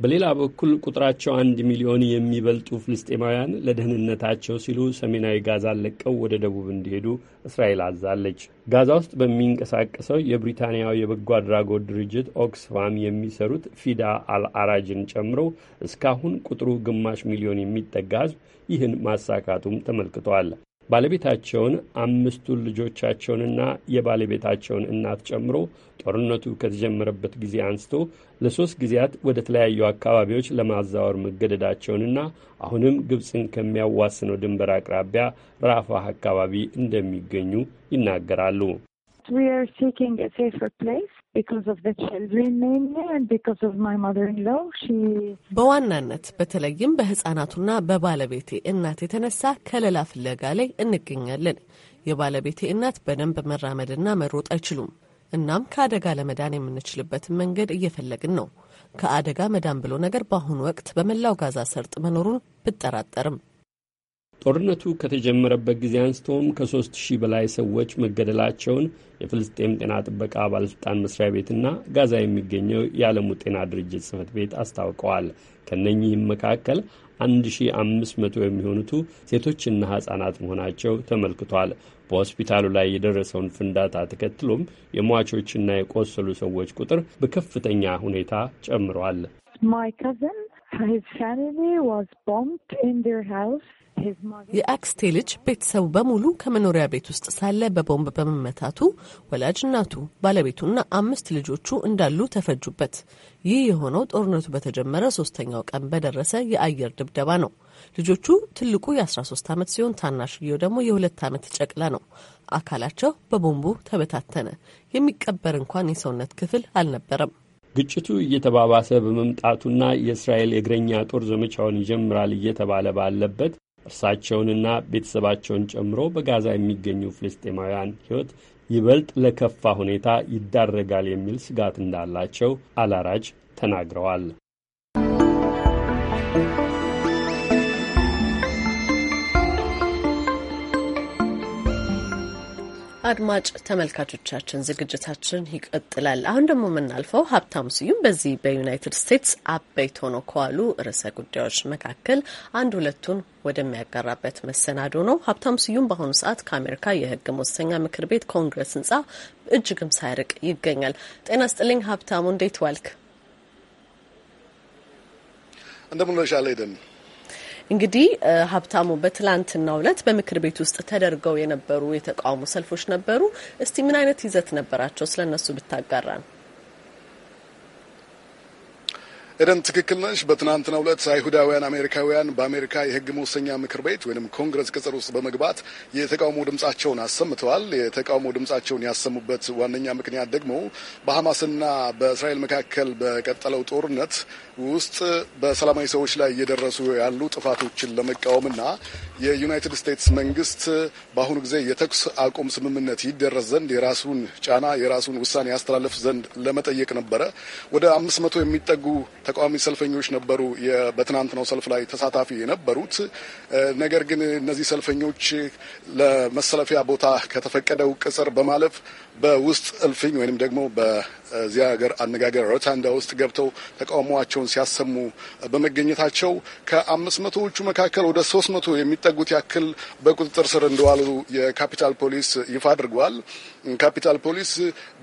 በሌላ በኩል ቁጥራቸው አንድ ሚሊዮን የሚበልጡ ፍልስጤማውያን ለደህንነታቸው ሲሉ ሰሜናዊ ጋዛን ለቀው ወደ ደቡብ እንዲሄዱ እስራኤል አዛለች። ጋዛ ውስጥ በሚንቀሳቀሰው የብሪታንያው የበጎ አድራጎት ድርጅት ኦክስፋም የሚሰሩት ፊዳ አልአራጅን ጨምሮ እስካሁን ቁጥሩ ግማሽ ሚሊዮን የሚጠጋ ሕዝብ ይህን ማሳካቱም ተመልክቷል። ባለቤታቸውን አምስቱን ልጆቻቸውንና የባለቤታቸውን እናት ጨምሮ ጦርነቱ ከተጀመረበት ጊዜ አንስቶ ለሶስት ጊዜያት ወደ ተለያዩ አካባቢዎች ለማዛወር መገደዳቸውንና አሁንም ግብፅን ከሚያዋስነው ድንበር አቅራቢያ ራፋህ አካባቢ እንደሚገኙ ይናገራሉ። we are seeking a safer place because of the children mainly and because of my mother-in-law. She በዋናነት በተለይም በህፃናቱና በባለቤቴ እናት የተነሳ ከለላ ፍለጋ ላይ እንገኛለን። የባለቤቴ እናት በደንብ መራመድና መሮጥ አይችሉም። እናም ከአደጋ ለመዳን የምንችልበትን መንገድ እየፈለግን ነው። ከአደጋ መዳን ብሎ ነገር በአሁኑ ወቅት በመላው ጋዛ ሰርጥ መኖሩን ብጠራጠርም ጦርነቱ ከተጀመረበት ጊዜ አንስቶም ከሦስት ሺህ በላይ ሰዎች መገደላቸውን የፍልስጤም ጤና ጥበቃ ባለሥልጣን መስሪያ ቤትና ጋዛ የሚገኘው የዓለሙ ጤና ድርጅት ጽህፈት ቤት አስታውቀዋል። ከነኚህም መካከል 1500 የሚሆኑቱ ሴቶችና ሕፃናት መሆናቸው ተመልክቷል። በሆስፒታሉ ላይ የደረሰውን ፍንዳታ ተከትሎም የሟቾችና የቆሰሉ ሰዎች ቁጥር በከፍተኛ ሁኔታ ጨምሯል። የአክስቴ ልጅ ቤተሰቡ በሙሉ ከመኖሪያ ቤት ውስጥ ሳለ በቦምብ በመመታቱ ወላጅ እናቱ፣ ባለቤቱና አምስት ልጆቹ እንዳሉ ተፈጁበት። ይህ የሆነው ጦርነቱ በተጀመረ ሶስተኛው ቀን በደረሰ የአየር ድብደባ ነው። ልጆቹ ትልቁ የ13 ዓመት ሲሆን ታናሽየው ደግሞ የሁለት ዓመት ጨቅላ ነው። አካላቸው በቦምቡ ተበታተነ። የሚቀበር እንኳን የሰውነት ክፍል አልነበረም። ግጭቱ እየተባባሰ በመምጣቱና የእስራኤል የእግረኛ ጦር ዘመቻውን ይጀምራል እየተባለ ባለበት እርሳቸውንና ቤተሰባቸውን ጨምሮ በጋዛ የሚገኙ ፍልስጤማውያን ሕይወት ይበልጥ ለከፋ ሁኔታ ይዳረጋል የሚል ስጋት እንዳላቸው አላራጅ ተናግረዋል። አድማጭ ተመልካቾቻችን ዝግጅታችን ይቀጥላል። አሁን ደግሞ የምናልፈው ሀብታም ስዩም በዚህ በዩናይትድ ስቴትስ አበይት ሆኖ ከዋሉ ርዕሰ ጉዳዮች መካከል አንድ ሁለቱን ወደሚያጋራበት መሰናዶ ነው። ሀብታም ስዩም በአሁኑ ሰዓት ከአሜሪካ የህግ መወሰኛ ምክር ቤት ኮንግረስ ህንጻ እጅግም ሳይርቅ ይገኛል። ጤና ስጥልኝ ሀብታሙ፣ እንዴት ዋልክ? እንደምን ዋልሽ እንግዲህ ሀብታሙ በትላንትናው ዕለት በምክር ቤት ውስጥ ተደርገው የነበሩ የተቃውሞ ሰልፎች ነበሩ። እስቲ ምን አይነት ይዘት ነበራቸው? ስለነሱ ብታጋራ ነው። ኤደን ትክክል ነሽ። በትናንትናው ዕለት አይሁዳውያን አሜሪካውያን በአሜሪካ የህግ መወሰኛ ምክር ቤት ወይም ኮንግረስ ቅጽር ውስጥ በመግባት የተቃውሞ ድምጻቸውን አሰምተዋል። የተቃውሞ ድምጻቸውን ያሰሙበት ዋነኛ ምክንያት ደግሞ በሐማስና በእስራኤል መካከል በቀጠለው ጦርነት ውስጥ በሰላማዊ ሰዎች ላይ እየደረሱ ያሉ ጥፋቶችን ለመቃወምና የዩናይትድ ስቴትስ መንግስት በአሁኑ ጊዜ የተኩስ አቁም ስምምነት ይደረስ ዘንድ የራሱን ጫና የራሱን ውሳኔ ያስተላለፍ ዘንድ ለመጠየቅ ነበረ። ወደ አምስት መቶ የሚጠጉ ተቃዋሚ ሰልፈኞች ነበሩ በትናንትናው ሰልፍ ላይ ተሳታፊ የነበሩት። ነገር ግን እነዚህ ሰልፈኞች ለመሰለፊያ ቦታ ከተፈቀደው ቅጽር በማለፍ በውስጥ እልፍኝ ወይም ደግሞ እዚያ ሀገር አነጋገር ሮታንዳ ውስጥ ገብተው ተቃውሟቸውን ሲያሰሙ በመገኘታቸው ከአምስት መቶዎቹ መካከል ወደ ሶስት መቶ የሚጠጉት ያክል በቁጥጥር ስር እንደዋሉ የካፒታል ፖሊስ ይፋ አድርጓል። ካፒታል ፖሊስ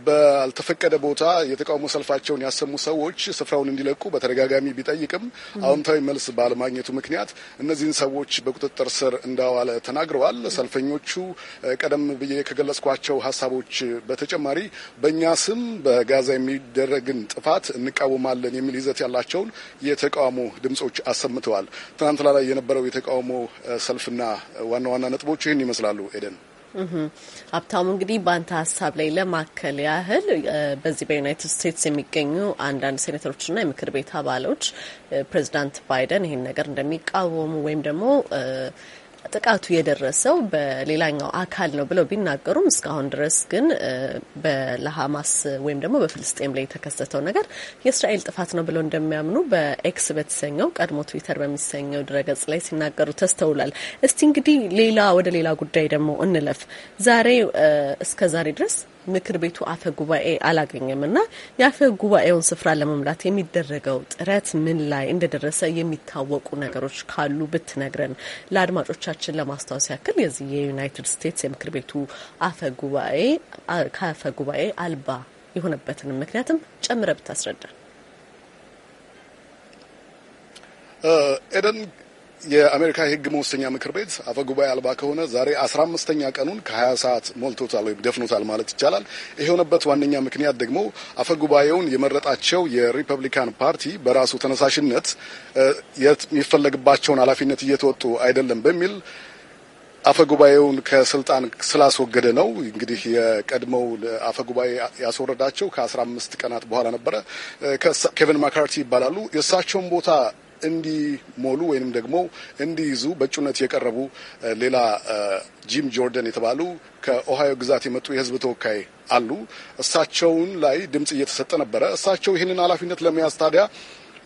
ባልተፈቀደ ቦታ የተቃውሞ ሰልፋቸውን ያሰሙ ሰዎች ስፍራውን እንዲለቁ በተደጋጋሚ ቢጠይቅም አዎንታዊ መልስ ባለማግኘቱ ምክንያት እነዚህን ሰዎች በቁጥጥር ስር እንዳዋለ ተናግረዋል። ሰልፈኞቹ ቀደም ብዬ ከገለጽኳቸው ሀሳቦች በተጨማሪ በእኛ ስም በጋዛ የሚደረግን ጥፋት እንቃወማለን የሚል ይዘት ያላቸውን የተቃውሞ ድምጾች አሰምተዋል። ትናንትና ላይ የነበረው የተቃውሞ ሰልፍና ዋና ዋና ነጥቦች ይህን ይመስላሉ። ኤደን ሀብታሙ እንግዲህ በአንተ ሀሳብ ላይ ለማከል ያህል በዚህ በዩናይትድ ስቴትስ የሚገኙ አንዳንድ ሴኔተሮችና የምክር ቤት አባሎች ፕሬዚዳንት ባይደን ይህን ነገር እንደሚቃወሙ ወይም ደግሞ ጥቃቱ የደረሰው በሌላኛው አካል ነው ብለው ቢናገሩም እስካሁን ድረስ ግን በለሃማስ ወይም ደግሞ በፍልስጤም ላይ የተከሰተው ነገር የእስራኤል ጥፋት ነው ብለው እንደሚያምኑ በኤክስ በተሰኘው ቀድሞ ትዊተር በሚሰኘው ድረገጽ ላይ ሲናገሩ ተስተውሏል። እስቲ እንግዲህ ሌላ ወደ ሌላ ጉዳይ ደግሞ እንለፍ። ዛሬ እስከ ዛሬ ድረስ ምክር ቤቱ አፈ ጉባኤ አላገኘም እና የአፈ ጉባኤውን ስፍራ ለመምላት የሚደረገው ጥረት ምን ላይ እንደደረሰ የሚታወቁ ነገሮች ካሉ ብትነግረን። ለአድማጮቻችን ለማስታወስ ያክል የዚህ የዩናይትድ ስቴትስ የምክር ቤቱ አፈ ጉባኤ ከአፈ ጉባኤ አልባ የሆነበትንም ምክንያትም ጨምረ ብታስረዳን። ኤደን የአሜሪካ የህግ መወሰኛ ምክር ቤት አፈ ጉባኤ አልባ ከሆነ ዛሬ አስራ አምስተኛ ቀኑን ከሀያ ሰዓት ሞልቶታል ወይም ደፍኖታል ማለት ይቻላል። የሆነበት ዋነኛ ምክንያት ደግሞ አፈ ጉባኤውን የመረጣቸው የሪፐብሊካን ፓርቲ በራሱ ተነሳሽነት የሚፈለግባቸውን ኃላፊነት እየተወጡ አይደለም በሚል አፈ ጉባኤውን ከስልጣን ስላስወገደ ነው። እንግዲህ የቀድሞው አፈ ጉባኤ ያስወረዳቸው ከአስራ አምስት ቀናት በኋላ ነበረ። ኬቪን ማካርቲ ይባላሉ። የእሳቸውን ቦታ እንዲሞሉ ወይንም ደግሞ እንዲይዙ በእጩነት የቀረቡ ሌላ ጂም ጆርደን የተባሉ ከኦሃዮ ግዛት የመጡ የህዝብ ተወካይ አሉ። እሳቸውን ላይ ድምፅ እየተሰጠ ነበረ። እሳቸው ይህንን ኃላፊነት ለመያዝ ታዲያ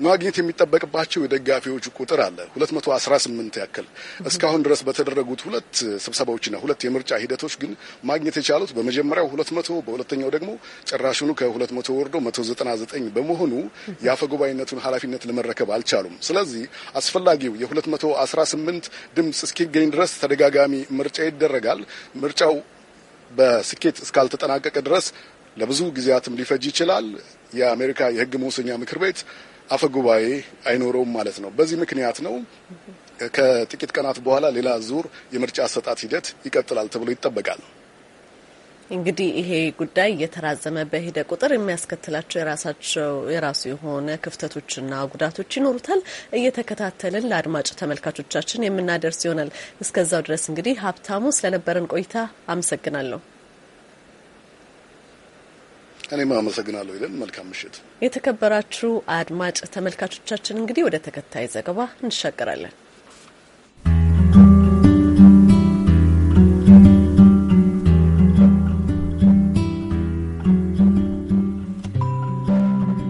ማግኘት የሚጠበቅባቸው የደጋፊዎች ቁጥር አለ 218 ያክል እስካሁን ድረስ በተደረጉት ሁለት ስብሰባዎችና ሁለት የምርጫ ሂደቶች ግን ማግኘት የቻሉት በመጀመሪያው 200 በሁለተኛው ደግሞ ጭራሹኑ ከ200 ወርዶ 199 በመሆኑ የአፈጉባኤነቱን ኃላፊነት ለመረከብ አልቻሉም። ስለዚህ አስፈላጊው የ218 ድምፅ እስኪገኝ ድረስ ተደጋጋሚ ምርጫ ይደረጋል። ምርጫው በስኬት እስካልተጠናቀቀ ድረስ ለብዙ ጊዜያትም ሊፈጅ ይችላል። የአሜሪካ የሕግ መወሰኛ ምክር ቤት አፈ ጉባኤ አይኖረውም ማለት ነው። በዚህ ምክንያት ነው ከጥቂት ቀናት በኋላ ሌላ ዙር የምርጫ አሰጣት ሂደት ይቀጥላል ተብሎ ይጠበቃል። እንግዲህ ይሄ ጉዳይ እየተራዘመ በሄደ ቁጥር የሚያስከትላቸው የራሳቸው የራሱ የሆነ ክፍተቶችና ጉዳቶች ይኖሩታል። እየተከታተልን ለአድማጭ ተመልካቾቻችን የምናደርስ ይሆናል። እስከዛው ድረስ እንግዲህ ሀብታሙ ስለነበረን ቆይታ አመሰግናለሁ። እኔም አመሰግናለሁ። ይለን መልካም ምሽት። የተከበራችሁ አድማጭ ተመልካቾቻችን እንግዲህ ወደ ተከታይ ዘገባ እንሻገራለን።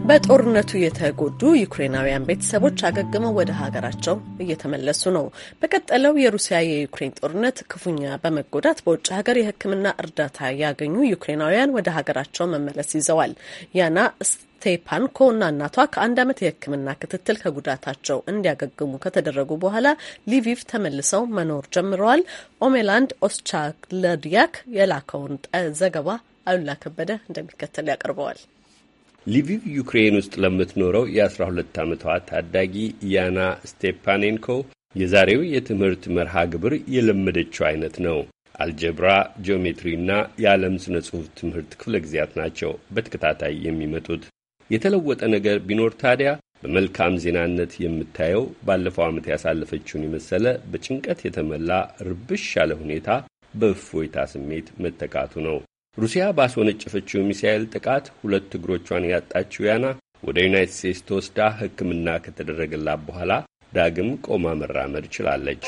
በጦርነቱ የተጎዱ ዩክሬናውያን ቤተሰቦች አገግመው ወደ ሀገራቸው እየተመለሱ ነው። በቀጠለው የሩሲያ የዩክሬን ጦርነት ክፉኛ በመጎዳት በውጭ ሀገር የሕክምና እርዳታ ያገኙ ዩክሬናውያን ወደ ሀገራቸው መመለስ ይዘዋል። ያና ስቴፓንኮ እና እናቷ ከአንድ ዓመት የሕክምና ክትትል ከጉዳታቸው እንዲያገግሙ ከተደረጉ በኋላ ሊቪቭ ተመልሰው መኖር ጀምረዋል። ኦሜላንድ ኦስቻለዲያክ የላከውን ዘገባ አሉላ ከበደ እንደሚከተል ያቀርበዋል። ሊቪቭ ዩክሬን ውስጥ ለምትኖረው የ12 ዓመቷ ታዳጊ ያና ስቴፓኔንኮ የዛሬው የትምህርት መርሃ ግብር የለመደችው አይነት ነው። አልጀብራ፣ ጂኦሜትሪ እና የዓለም ስነ ጽሑፍ ትምህርት ክፍለ ጊዜያት ናቸው በተከታታይ የሚመጡት። የተለወጠ ነገር ቢኖር ታዲያ በመልካም ዜናነት የምታየው ባለፈው ዓመት ያሳለፈችውን የመሰለ በጭንቀት የተሞላ ርብሽ ያለ ሁኔታ በእፎይታ ስሜት መተካቱ ነው። ሩሲያ ባስወነጨፈችው ሚሳኤል ጥቃት ሁለት እግሮቿን ያጣችው ያና ወደ ዩናይትድ ስቴትስ ተወስዳ ሕክምና ከተደረገላት በኋላ ዳግም ቆማ መራመድ ችላለች።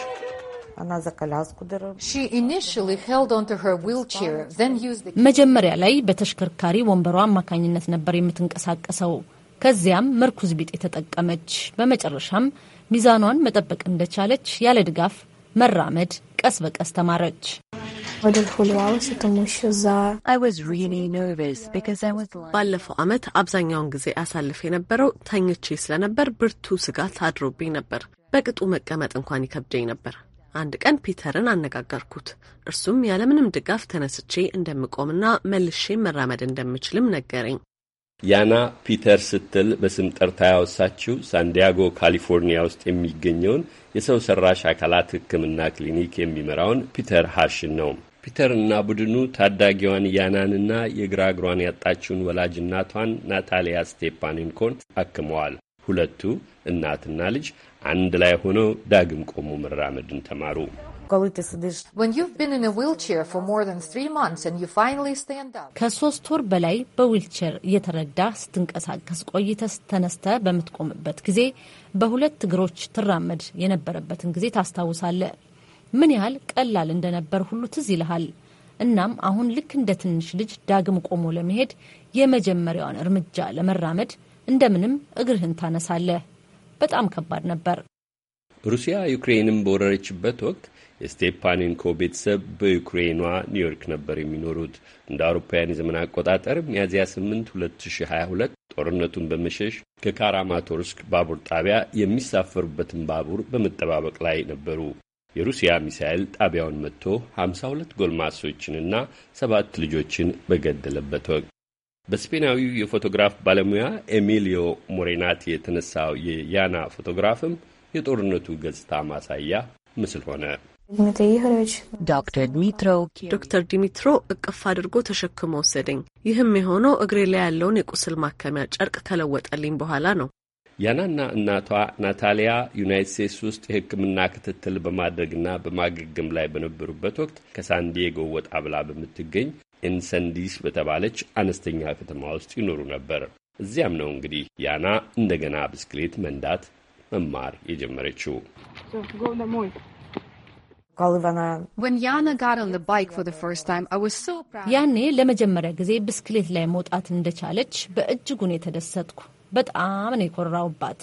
መጀመሪያ ላይ በተሽከርካሪ ወንበሯ አማካኝነት ነበር የምትንቀሳቀሰው። ከዚያም መርኩዝ ቢጤ ተጠቀመች። በመጨረሻም ሚዛኗን መጠበቅ እንደቻለች ያለ ድጋፍ መራመድ ቀስ በቀስ ተማረች። ባለፈው ዓመት አብዛኛውን ጊዜ አሳልፍ የነበረው ተኝቼ ስለነበር ብርቱ ስጋት አድሮብኝ ነበር። በቅጡ መቀመጥ እንኳን ይከብደኝ ነበር። አንድ ቀን ፒተርን አነጋገርኩት። እርሱም ያለምንም ድጋፍ ተነስቼ እንደምቆምና መልሼ መራመድ እንደምችልም ነገረኝ። ያና ፒተር ስትል በስም ጠርታ ያወሳችው ሳንዲያጎ ካሊፎርኒያ ውስጥ የሚገኘውን የሰው ሰራሽ አካላት ሕክምና ክሊኒክ የሚመራውን ፒተር ሃሽን ነው። ፒተር እና ቡድኑ ታዳጊዋን ያናንና የግራ እግሯን ያጣችውን ወላጅ እናቷን ናታሊያ ስቴፓኒንኮን አክመዋል። ሁለቱ እናትና ልጅ አንድ ላይ ሆነው ዳግም ቆሞ መራመድን ተማሩ። ከሶስት ወር በላይ በዊልቸር እየተረዳ ስትንቀሳቀስ ቆይተ ተነስተ በምትቆምበት ጊዜ በሁለት እግሮች ትራመድ የነበረበትን ጊዜ ታስታውሳለህ። ምን ያህል ቀላል እንደነበር ሁሉ ትዝ ይልሃል። እናም አሁን ልክ እንደ ትንሽ ልጅ ዳግም ቆሞ ለመሄድ የመጀመሪያውን እርምጃ ለመራመድ እንደምንም እግርህን ታነሳለህ። በጣም ከባድ ነበር። ሩሲያ ዩክሬንን በወረረችበት ወቅት የስቴፓኔንኮ ቤተሰብ በዩክሬኗ ኒውዮርክ ነበር የሚኖሩት። እንደ አውሮፓውያን የዘመን አቆጣጠር ሚያዝያ 8 2022 ጦርነቱን በመሸሽ ከካራማቶርስክ ባቡር ጣቢያ የሚሳፈሩበትን ባቡር በመጠባበቅ ላይ ነበሩ። የሩሲያ ሚሳኤል ጣቢያውን መጥቶ 52 ጎልማሶችንና ሰባት ልጆችን በገደለበት ወቅት በስፔናዊው የፎቶግራፍ ባለሙያ ኤሚሊዮ ሞሬናቲ የተነሳው የያና ፎቶግራፍም የጦርነቱ ገጽታ ማሳያ ምስል ሆነ። ዶክተር ዶክተር ዲሚትሮ እቅፍ አድርጎ ተሸክሞ ወሰደኝ። ይህም የሆነው እግሬ ላይ ያለውን የቁስል ማከሚያ ጨርቅ ከለወጠልኝ በኋላ ነው። ያናና እናቷ ናታሊያ ዩናይት ስቴትስ ውስጥ የሕክምና ክትትል በማድረግና በማገገም ላይ በነበሩበት ወቅት ከሳንዲዬጎ ወጣ ብላ በምትገኝ ኢንሰንዲስ በተባለች አነስተኛ ከተማ ውስጥ ይኖሩ ነበር። እዚያም ነው እንግዲህ ያና እንደገና ብስክሌት መንዳት መማር የጀመረችው። ያኔ ለመጀመሪያ ጊዜ ብስክሌት ላይ መውጣት እንደቻለች በእጅጉን የተደሰጥኩ በጣም ነው የኮራውባት።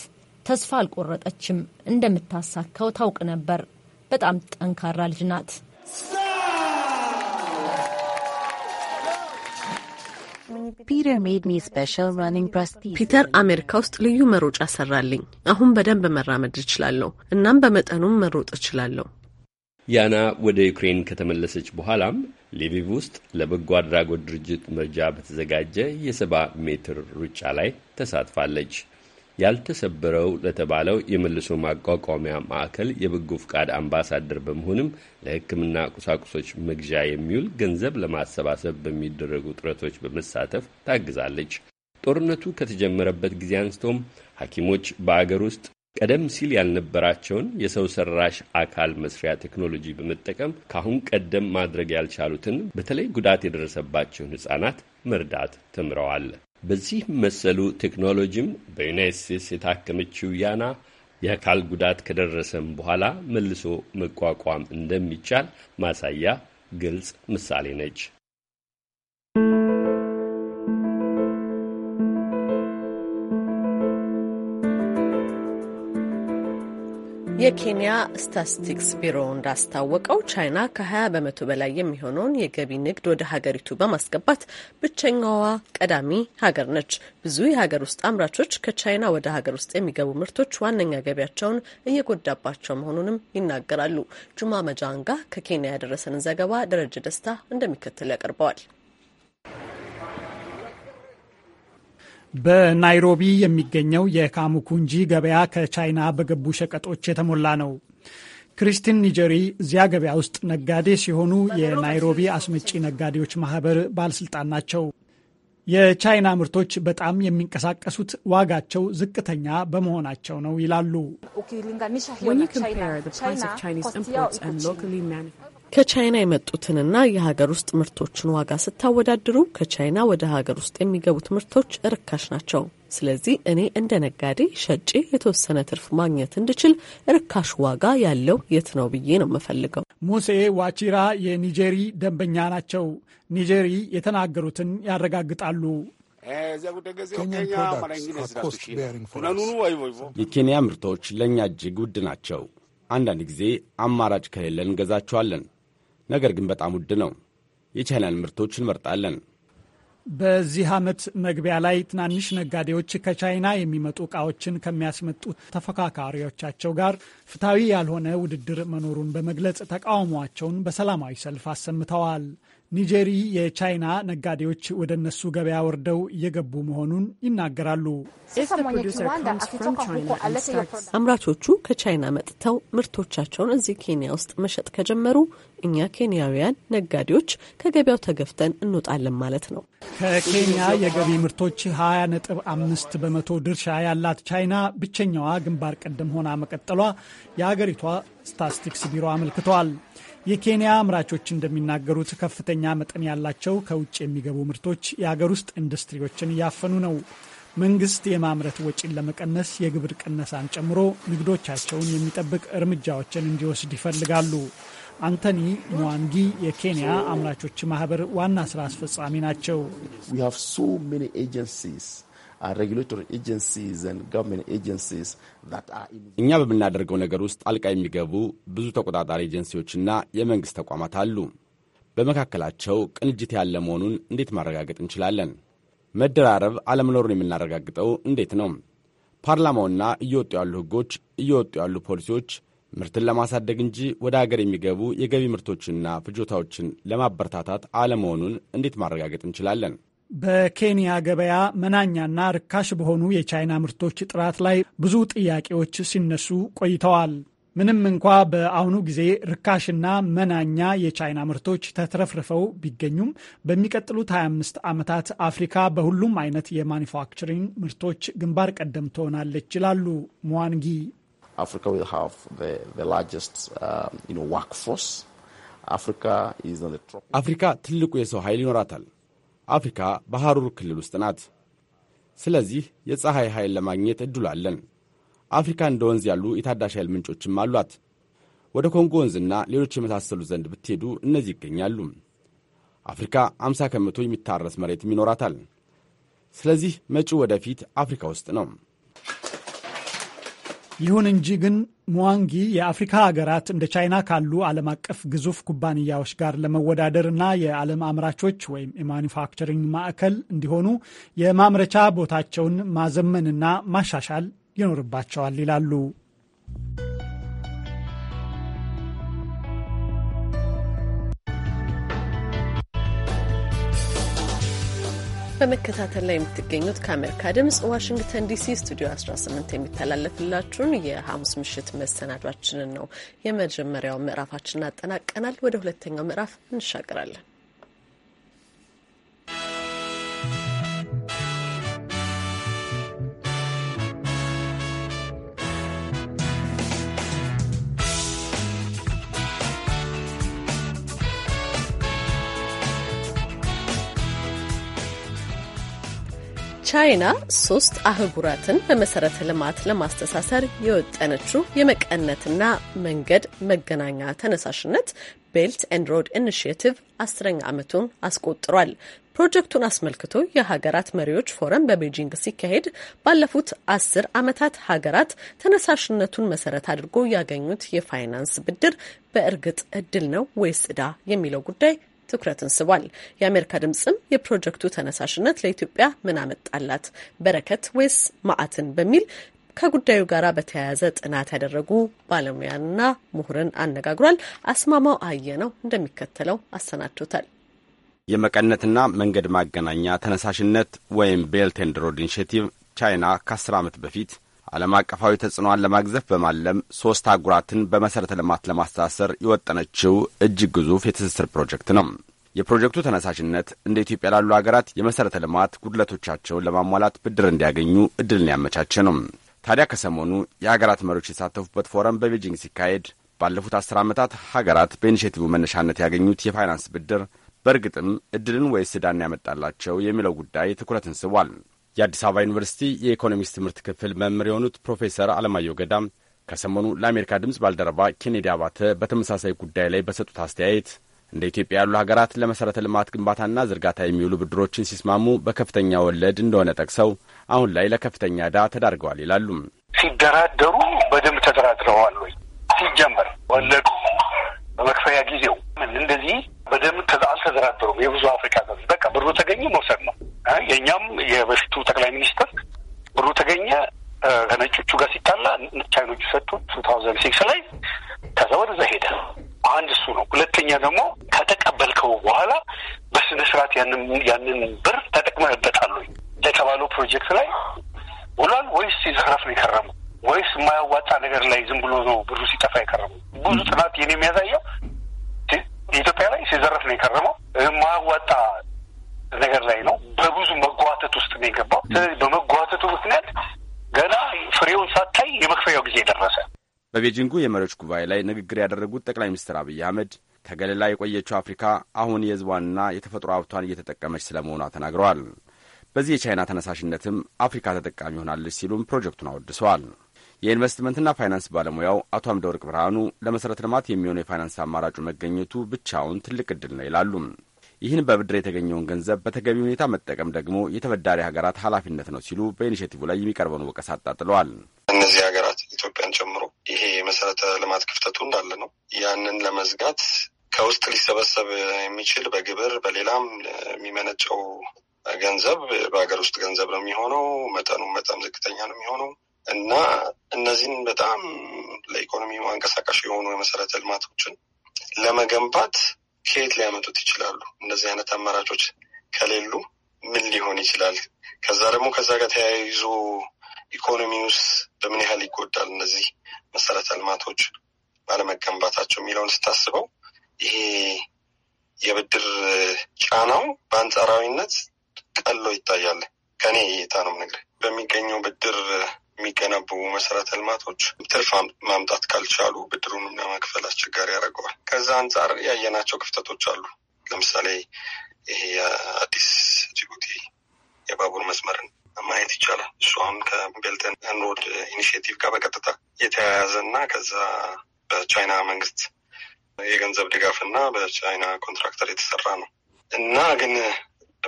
ተስፋ አልቆረጠችም። እንደምታሳካው ታውቅ ነበር። በጣም ጠንካራ ልጅ ናት። ፒተር አሜሪካ ውስጥ ልዩ መሮጫ ሰራልኝ። አሁን በደንብ መራመድ እችላለሁ። እናም በመጠኑም መሮጥ እችላለሁ። ያና ወደ ዩክሬን ከተመለሰች በኋላም ሌቪቭ ውስጥ ለበጎ አድራጎት ድርጅት መርጃ በተዘጋጀ የሰባ ሜትር ሩጫ ላይ ተሳትፋለች። ያልተሰበረው ለተባለው የመልሶ ማቋቋሚያ ማዕከል የበጎ ፍቃድ አምባሳደር በመሆንም ለሕክምና ቁሳቁሶች መግዣ የሚውል ገንዘብ ለማሰባሰብ በሚደረጉ ጥረቶች በመሳተፍ ታግዛለች። ጦርነቱ ከተጀመረበት ጊዜ አንስቶም ሐኪሞች በአገር ውስጥ ቀደም ሲል ያልነበራቸውን የሰው ሰራሽ አካል መስሪያ ቴክኖሎጂ በመጠቀም ከአሁን ቀደም ማድረግ ያልቻሉትን በተለይ ጉዳት የደረሰባቸውን ሕፃናት መርዳት ተምረዋል። በዚህ መሰሉ ቴክኖሎጂም በዩናይት ስቴትስ የታከመችው ያና የአካል ጉዳት ከደረሰም በኋላ መልሶ መቋቋም እንደሚቻል ማሳያ ግልጽ ምሳሌ ነች። የኬንያ ስታስቲክስ ቢሮ እንዳስታወቀው ቻይና ከ20 በመቶ በላይ የሚሆነውን የገቢ ንግድ ወደ ሀገሪቱ በማስገባት ብቸኛዋ ቀዳሚ ሀገር ነች። ብዙ የሀገር ውስጥ አምራቾች ከቻይና ወደ ሀገር ውስጥ የሚገቡ ምርቶች ዋነኛ ገቢያቸውን እየጎዳባቸው መሆኑንም ይናገራሉ። ጁማ መጃንጋ ከኬንያ ያደረሰንን ዘገባ ደረጀ ደስታ እንደሚከተል ያቀርበዋል። በናይሮቢ የሚገኘው የካሙኩንጂ ገበያ ከቻይና በገቡ ሸቀጦች የተሞላ ነው። ክሪስቲን ኒጀሪ እዚያ ገበያ ውስጥ ነጋዴ ሲሆኑ የናይሮቢ አስመጪ ነጋዴዎች ማህበር ባለስልጣን ናቸው። የቻይና ምርቶች በጣም የሚንቀሳቀሱት ዋጋቸው ዝቅተኛ በመሆናቸው ነው ይላሉ። ከቻይና የመጡትንና የሀገር ውስጥ ምርቶችን ዋጋ ስታወዳድሩ ከቻይና ወደ ሀገር ውስጥ የሚገቡት ምርቶች ርካሽ ናቸው። ስለዚህ እኔ እንደ ነጋዴ ሸጬ የተወሰነ ትርፍ ማግኘት እንድችል ርካሽ ዋጋ ያለው የት ነው ብዬ ነው የምፈልገው። ሙሴ ዋቺራ የኒጀሪ ደንበኛ ናቸው። ኒጀሪ የተናገሩትን ያረጋግጣሉ። የኬንያ ምርቶች ለእኛ እጅግ ውድ ናቸው። አንዳንድ ጊዜ አማራጭ ከሌለ እንገዛቸዋለን። ነገር ግን በጣም ውድ ነው። የቻይናን ምርቶች እንመርጣለን። በዚህ ዓመት መግቢያ ላይ ትናንሽ ነጋዴዎች ከቻይና የሚመጡ ዕቃዎችን ከሚያስመጡ ተፎካካሪዎቻቸው ጋር ፍትሐዊ ያልሆነ ውድድር መኖሩን በመግለጽ ተቃውሟቸውን በሰላማዊ ሰልፍ አሰምተዋል። ኒጀሪ የቻይና ነጋዴዎች ወደ እነሱ ገበያ ወርደው እየገቡ መሆኑን ይናገራሉ። አምራቾቹ ከቻይና መጥተው ምርቶቻቸውን እዚህ ኬንያ ውስጥ መሸጥ ከጀመሩ እኛ ኬንያውያን ነጋዴዎች ከገበያው ተገፍተን እንወጣለን ማለት ነው። ከኬንያ የገቢ ምርቶች 20 ነጥብ በመቶ ድርሻ ያላት ቻይና ብቸኛዋ ግንባር ቀደም ሆና መቀጠሏ የአገሪቷ ስታስቲክስ ቢሮ አመልክተዋል። የኬንያ አምራቾች እንደሚናገሩት ከፍተኛ መጠን ያላቸው ከውጭ የሚገቡ ምርቶች የአገር ውስጥ ኢንዱስትሪዎችን እያፈኑ ነው። መንግስት የማምረት ወጪን ለመቀነስ የግብር ቅነሳን ጨምሮ ንግዶቻቸውን የሚጠብቅ እርምጃዎችን እንዲወስድ ይፈልጋሉ። አንቶኒ ሙዋንጊ የኬንያ አምራቾች ማህበር ዋና ስራ አስፈጻሚ ናቸው። Uh, እኛ በምናደርገው ነገር ውስጥ ጣልቃ የሚገቡ ብዙ ተቆጣጣሪ ኤጀንሲዎችና የመንግሥት ተቋማት አሉ። በመካከላቸው ቅንጅት ያለ መሆኑን እንዴት ማረጋገጥ እንችላለን? መደራረብ አለመኖሩን የምናረጋግጠው እንዴት ነው? ፓርላማውና እየወጡ ያሉ ሕጎች፣ እየወጡ ያሉ ፖሊሲዎች ምርትን ለማሳደግ እንጂ ወደ አገር የሚገቡ የገቢ ምርቶችንና ፍጆታዎችን ለማበረታታት አለመሆኑን እንዴት ማረጋገጥ እንችላለን? በኬንያ ገበያ መናኛና ርካሽ በሆኑ የቻይና ምርቶች ጥራት ላይ ብዙ ጥያቄዎች ሲነሱ ቆይተዋል። ምንም እንኳ በአሁኑ ጊዜ ርካሽና መናኛ የቻይና ምርቶች ተትረፍርፈው ቢገኙም በሚቀጥሉት 25 ዓመታት አፍሪካ በሁሉም አይነት የማኒፋክቸሪንግ ምርቶች ግንባር ቀደም ትሆናለች ይላሉ ሙዋንጊ። um, አፍሪካ ትልቁ የሰው ኃይል ይኖራታል። አፍሪካ በሐሩር ክልል ውስጥ ናት። ስለዚህ የፀሐይ ኃይል ለማግኘት እድሉ አለን። አፍሪካ እንደ ወንዝ ያሉ የታዳሽ ኃይል ምንጮችም አሏት። ወደ ኮንጎ ወንዝና ሌሎች የመሳሰሉ ዘንድ ብትሄዱ እነዚህ ይገኛሉ። አፍሪካ 50 ከመቶ የሚታረስ መሬትም ይኖራታል። ስለዚህ መጪው ወደፊት አፍሪካ ውስጥ ነው። ይሁን እንጂ ግን ሙዋንጊ የአፍሪካ ሀገራት እንደ ቻይና ካሉ ዓለም አቀፍ ግዙፍ ኩባንያዎች ጋር ለመወዳደር እና የዓለም አምራቾች ወይም የማኒፋክቸሪንግ ማዕከል እንዲሆኑ የማምረቻ ቦታቸውን ማዘመንና ማሻሻል ይኖርባቸዋል ይላሉ። በመከታተል ላይ የምትገኙት ከአሜሪካ ድምጽ ዋሽንግተን ዲሲ ስቱዲዮ 18 የሚተላለፍላችሁን የሐሙስ ምሽት መሰናዷችንን ነው። የመጀመሪያው ምዕራፋችንን አጠናቀናል። ወደ ሁለተኛው ምዕራፍ እንሻገራለን። ቻይና ሶስት አህጉራትን በመሰረተ ልማት ለማስተሳሰር የወጠነችው የመቀነትና መንገድ መገናኛ ተነሳሽነት ቤልት ኤንድ ሮድ ኢኒሽቲቭ አስረኛ ዓመቱን አስቆጥሯል። ፕሮጀክቱን አስመልክቶ የሀገራት መሪዎች ፎረም በቤጂንግ ሲካሄድ ባለፉት አስር ዓመታት ሀገራት ተነሳሽነቱን መሰረት አድርጎ ያገኙት የፋይናንስ ብድር በእርግጥ እድል ነው ወይስ ዕዳ የሚለው ጉዳይ ትኩረትን ስቧል። የአሜሪካ ድምጽም የፕሮጀክቱ ተነሳሽነት ለኢትዮጵያ ምን አመጣላት በረከት ወይስ ማዕትን በሚል ከጉዳዩ ጋር በተያያዘ ጥናት ያደረጉ ባለሙያና ምሁርን አነጋግሯል። አስማማው አየ ነው እንደሚከተለው አሰናድቶታል። የመቀነትና መንገድ ማገናኛ ተነሳሽነት ወይም ቤልት ኤንድ ሮድ ኢኒሼቲቭ ቻይና ከአስር ዓመት በፊት ዓለም አቀፋዊ ተጽዕኖዋን ለማግዘፍ በማለም ሦስት አጉራትን በመሠረተ ልማት ለማስተሳሰር የወጠነችው እጅግ ግዙፍ የትስስር ፕሮጀክት ነው። የፕሮጀክቱ ተነሳሽነት እንደ ኢትዮጵያ ላሉ ሀገራት የመሠረተ ልማት ጉድለቶቻቸውን ለማሟላት ብድር እንዲያገኙ እድልን ያመቻቸ ነው። ታዲያ ከሰሞኑ የሀገራት መሪዎች የተሳተፉበት ፎረም በቤጂንግ ሲካሄድ ባለፉት አስር ዓመታት ሀገራት በኢኒሽቲቭ መነሻነት ያገኙት የፋይናንስ ብድር በእርግጥም እድልን ወይስ ዕዳን ያመጣላቸው የሚለው ጉዳይ ትኩረትን ስቧል። የአዲስ አበባ ዩኒቨርሲቲ የኢኮኖሚክስ ትምህርት ክፍል መምህር የሆኑት ፕሮፌሰር አለማየሁ ገዳም ከሰሞኑ ለአሜሪካ ድምፅ ባልደረባ ኬኔዲ አባተ በተመሳሳይ ጉዳይ ላይ በሰጡት አስተያየት እንደ ኢትዮጵያ ያሉ ሀገራት ለመሠረተ ልማት ግንባታና ዝርጋታ የሚውሉ ብድሮችን ሲስማሙ በከፍተኛ ወለድ እንደሆነ ጠቅሰው አሁን ላይ ለከፍተኛ ዕዳ ተዳርገዋል ይላሉ። ሲደራደሩ በደንብ ተደራድረዋል ወይ? ሲጀመር ወለዱ በመክፈያ ጊዜው ምን እንደዚህ በደንብ አልተደራደሩም። የብዙ አፍሪካ በቃ ብሩ ተገኘ መውሰድ ነው። የእኛም የበፊቱ ጠቅላይ ሚኒስትር ብሩ ተገኘ ከነጮቹ ጋር ሲጣላ ቻይኖቹ ሰጡ ቱ ታውዘንድ ሲክስ ላይ ከዛ ወደዛ ሄደ። አንድ እሱ ነው። ሁለተኛ ደግሞ ከተቀበልከው በኋላ በስነ ስርዓት ያንን ያንን ብር ተጠቅመህበታል ወይ ለተባለው ፕሮጀክት ላይ ውሏል ወይስ ሲዘረፍ ነው የከረመው ወይስ የማያዋጣ ነገር ላይ ዝም ብሎ ነው ብሩ ሲጠፋ የከረመው? ብዙ ጥናት የኔ የሚያሳየው ኢትዮጵያ ላይ ሲዘረፍ ነው የከረመው የማያዋጣ ነገር ላይ ነው። በብዙ መጓተት ውስጥ ነው የገባው። ስለዚህ በመጓተቱ ምክንያት ገና ፍሬውን ሳታይ የመክፈያው ጊዜ ደረሰ። በቤጂንጉ የመሪዎች ጉባኤ ላይ ንግግር ያደረጉት ጠቅላይ ሚኒስትር አብይ አህመድ ከገለላ የቆየችው አፍሪካ አሁን የህዝቧንና የተፈጥሮ ሀብቷን እየተጠቀመች ስለመሆኗ ተናግረዋል። በዚህ የቻይና ተነሳሽነትም አፍሪካ ተጠቃሚ ሆናለች ሲሉም ፕሮጀክቱን አወድሰዋል። የኢንቨስትመንትና ፋይናንስ ባለሙያው አቶ አምደወርቅ ብርሃኑ ለመሠረተ ልማት የሚሆኑ የፋይናንስ አማራጩ መገኘቱ ብቻውን ትልቅ ዕድል ነው ይላሉም። ይህን በብድር የተገኘውን ገንዘብ በተገቢ ሁኔታ መጠቀም ደግሞ የተበዳሪ ሀገራት ኃላፊነት ነው ሲሉ በኢኒሽቲቭ ላይ የሚቀርበውን ወቀሳ አጣጥለዋል። እነዚህ ሀገራት ኢትዮጵያን ጨምሮ ይሄ የመሰረተ ልማት ክፍተቱ እንዳለ ነው። ያንን ለመዝጋት ከውስጥ ሊሰበሰብ የሚችል በግብር በሌላም የሚመነጨው ገንዘብ በሀገር ውስጥ ገንዘብ ነው የሚሆነው። መጠኑም በጣም ዝቅተኛ ነው የሚሆነው እና እነዚህን በጣም ለኢኮኖሚ አንቀሳቃሽ የሆኑ የመሰረተ ልማቶችን ለመገንባት ከየት ሊያመጡት ይችላሉ? እንደዚህ አይነት አማራጮች ከሌሉ ምን ሊሆን ይችላል? ከዛ ደግሞ ከዛ ጋር ተያይዞ ኢኮኖሚ ውስጥ በምን ያህል ይጎዳል? እነዚህ መሰረተ ልማቶች ባለመገንባታቸው የሚለውን ስታስበው ይሄ የብድር ጫናው በአንጻራዊነት ቀሎ ይታያል። ከኔ እይታ ነው ምንግር በሚገኘው ብድር የሚገነቡ መሰረተ ልማቶች ትርፍ ማምጣት ካልቻሉ ብድሩን መክፈል አስቸጋሪ ያደርገዋል። ከዛ አንጻር ያየናቸው ክፍተቶች አሉ። ለምሳሌ ይሄ የአዲስ ጅቡቲ የባቡር መስመርን ማየት ይቻላል። እሱ አሁን ከቤልተን ሮድ ኢኒሽቲቭ ጋር በቀጥታ የተያያዘ እና ከዛ በቻይና መንግስት የገንዘብ ድጋፍ እና በቻይና ኮንትራክተር የተሰራ ነው እና ግን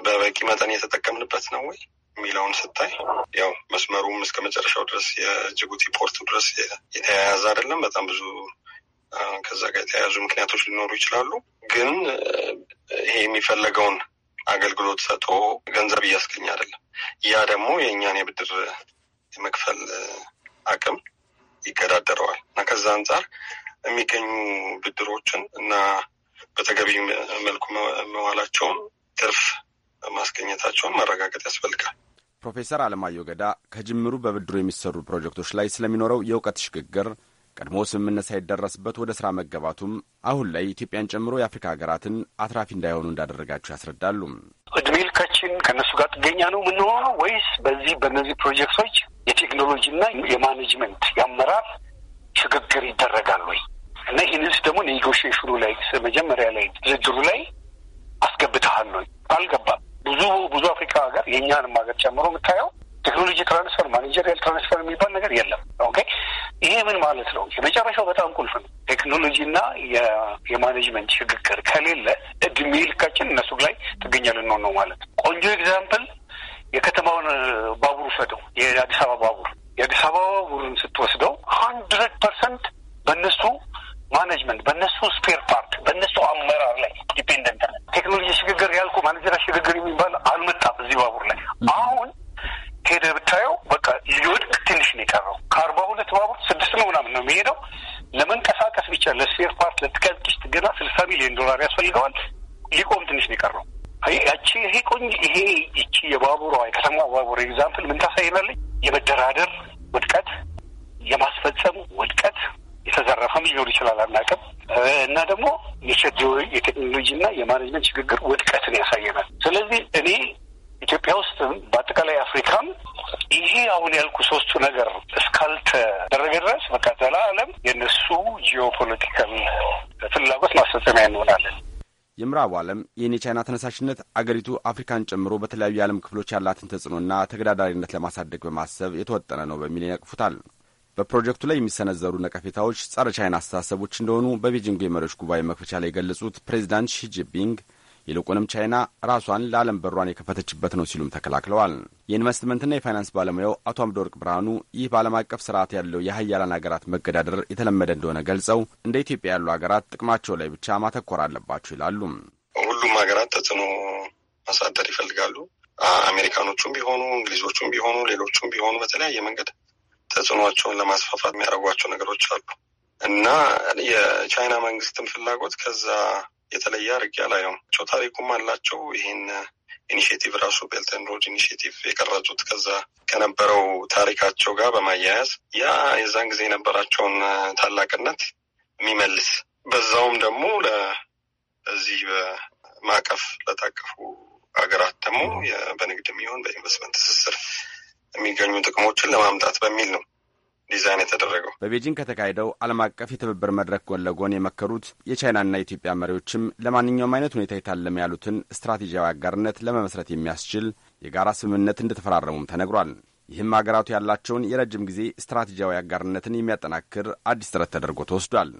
በበቂ መጠን እየተጠቀምንበት ነው ወይ? የሚለውን ስታይ ያው መስመሩም እስከ መጨረሻው ድረስ የጅቡቲ ፖርቱ ድረስ የተያያዘ አይደለም። በጣም ብዙ ከዛ ጋር የተያያዙ ምክንያቶች ሊኖሩ ይችላሉ። ግን ይሄ የሚፈለገውን አገልግሎት ሰጥቶ ገንዘብ እያስገኘ አይደለም። ያ ደግሞ የእኛን የብድር የመክፈል አቅም ይገዳደረዋል እና ከዛ አንጻር የሚገኙ ብድሮችን እና በተገቢ መልኩ መዋላቸውን ትርፍ ማስገኘታቸውን ማረጋገጥ ያስፈልጋል። ፕሮፌሰር አለማየሁ ገዳ ከጅምሩ በብድሩ የሚሰሩ ፕሮጀክቶች ላይ ስለሚኖረው የእውቀት ሽግግር ቀድሞ ስምምነት ሳይደረስበት ወደ ሥራ መገባቱም አሁን ላይ ኢትዮጵያን ጨምሮ የአፍሪካ ሀገራትን አትራፊ እንዳይሆኑ እንዳደረጋቸው ያስረዳሉ። ከችን ከእነሱ ጋር ጥገኛ ነው የምንሆነው ወይስ በዚህ በእነዚህ ፕሮጀክቶች የቴክኖሎጂና የማኔጅመንት የአመራር ሽግግር ይደረጋል ወይ እና ይህንስ ደግሞ ኔጎሽሽኑ ላይ መጀመሪያ ላይ ድርድሩ ላይ አስገብተሃል ወይ? አልገባም ብዙ ብዙ አፍሪካ ሀገር የእኛንም ሀገር ጨምሮ የምታየው ቴክኖሎጂ ትራንስፈር ማኔጀሪያል ትራንስፈር የሚባል ነገር የለም። ኦኬ ይሄ ምን ማለት ነው? የመጨረሻው በጣም ቁልፍ ነው። ቴክኖሎጂና የማኔጅመንት ሽግግር ከሌለ እድሜ ልካችን እነሱ ላይ ጥገኛ ልንሆን ነው ማለት ነው። ቆንጆ ኤግዛምፕል የከተማውን ባቡር ውሰደው፣ የአዲስ አበባ ባቡር የአዲስ አበባ ባቡርን ስትወስደው ሀንድረድ ፐርሰንት በእነሱ ማኔጅመንት በእነሱ ስፔር ፓርት በእነሱ አመራር ላይ ዲፔንደንት ነ ቴክኖሎጂ ሽግግር ያልኩ ማኔጀራ ሽግግር የሚባል አልመጣም እዚህ ባቡር ላይ አሁን ሄደ ብታየው በቃ ሊወድቅ ትንሽ ነው የቀረው። ከአርባ ሁለት ባቡር ስድስት ነው ምናምን ነው የሚሄደው። ለመንቀሳቀስ ብቻ ለስፔር ፓርት ለትቀጥቅሽ ገና ስልሳ ሚሊዮን ዶላር ያስፈልገዋል። ሊቆም ትንሽ ነው የቀረው። ያቺ ይሄ ቆንጆ ይሄ ይቺ የባቡሯ የከተማ ባቡር ኤግዛምፕል ምን ታሳይናለች? የመደራደር ውድቀት፣ የማስፈጸም ውድቀት የተዘረፈም ሊኖር ይችላል አናውቅም። እና ደግሞ የቴክኖሎጂ እና የማኔጅመንት ሽግግር ውድቀትን ያሳየናል። ስለዚህ እኔ ኢትዮጵያ ውስጥም በአጠቃላይ አፍሪካም ይሄ አሁን ያልኩ ሶስቱ ነገር እስካልተደረገ ድረስ በቃ ዘላለም የእነሱ ጂኦፖለቲካል ፍላጎት ማስፈጸሚያ እንሆናለን። የምዕራቡ ዓለም ይህን የቻይና ተነሳሽነት አገሪቱ አፍሪካን ጨምሮ በተለያዩ የዓለም ክፍሎች ያላትን ተጽዕኖና ተገዳዳሪነት ለማሳደግ በማሰብ የተወጠነ ነው በሚል ይነቅፉታል። በፕሮጀክቱ ላይ የሚሰነዘሩ ነቀፌታዎች ጸረ ቻይና አስተሳሰቦች እንደሆኑ በቤጂንጉ የመሪዎች ጉባኤ መክፈቻ ላይ የገለጹት ፕሬዚዳንት ሺጂፒንግ ይልቁንም ቻይና ራሷን ለዓለም በሯን የከፈተችበት ነው ሲሉም ተከላክለዋል። የኢንቨስትመንትና የፋይናንስ ባለሙያው አቶ አምደወርቅ ብርሃኑ ይህ በዓለም አቀፍ ስርዓት ያለው የሀያላን ሀገራት መገዳደር የተለመደ እንደሆነ ገልጸው እንደ ኢትዮጵያ ያሉ ሀገራት ጥቅማቸው ላይ ብቻ ማተኮር አለባቸው ይላሉ። ሁሉም ሀገራት ተጽዕኖ ማሳደር ይፈልጋሉ። አሜሪካኖቹም ቢሆኑ እንግሊዞቹም ቢሆኑ ሌሎቹም ቢሆኑ በተለያየ መንገድ ተጽዕኖቸውን ለማስፋፋት የሚያደርጓቸው ነገሮች አሉ እና የቻይና መንግስትን ፍላጎት ከዛ የተለየ አድርጌ አላየውም። ታሪኩም አላቸው ይህን ኢኒሽቲቭ ራሱ ቤልት ሮድ ኢኒሽቲቭ የቀረጹት ከዛ ከነበረው ታሪካቸው ጋር በማያያዝ ያ የዛን ጊዜ የነበራቸውን ታላቅነት የሚመልስ በዛውም ደግሞ ለዚህ በማዕቀፍ ለታቀፉ ሀገራት ደግሞ በንግድ የሚሆን በኢንቨስትመንት ትስስር የሚገኙ ጥቅሞችን ለማምጣት በሚል ነው ዲዛይን የተደረገው። በቤጂንግ ከተካሄደው ዓለም አቀፍ የትብብር መድረክ ጎን ለጎን የመከሩት የቻይናና የኢትዮጵያ መሪዎችም ለማንኛውም አይነት ሁኔታ የታለመ ያሉትን ስትራቴጂያዊ አጋርነት ለመመስረት የሚያስችል የጋራ ስምምነት እንደተፈራረሙም ተነግሯል። ይህም አገራቱ ያላቸውን የረጅም ጊዜ ስትራቴጂያዊ አጋርነትን የሚያጠናክር አዲስ ጥረት ተደርጎ ተወስዷል።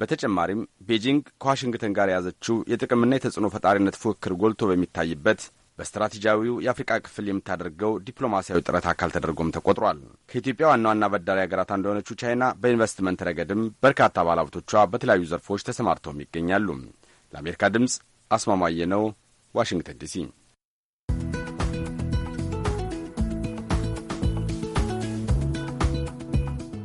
በተጨማሪም ቤጂንግ ከዋሽንግተን ጋር የያዘችው የጥቅምና የተጽዕኖ ፈጣሪነት ፉክክር ጎልቶ በሚታይበት በስትራቴጂያዊው የአፍሪቃ ክፍል የምታደርገው ዲፕሎማሲያዊ ጥረት አካል ተደርጎም ተቆጥሯል። ከኢትዮጵያ ዋና ዋና በዳሪ ሀገራት እንደሆነችው ቻይና በኢንቨስትመንት ረገድም በርካታ ባለሀብቶቿ በተለያዩ ዘርፎች ተሰማርተውም ይገኛሉ። ለአሜሪካ ድምፅ አስማማየ ነው፣ ዋሽንግተን ዲሲ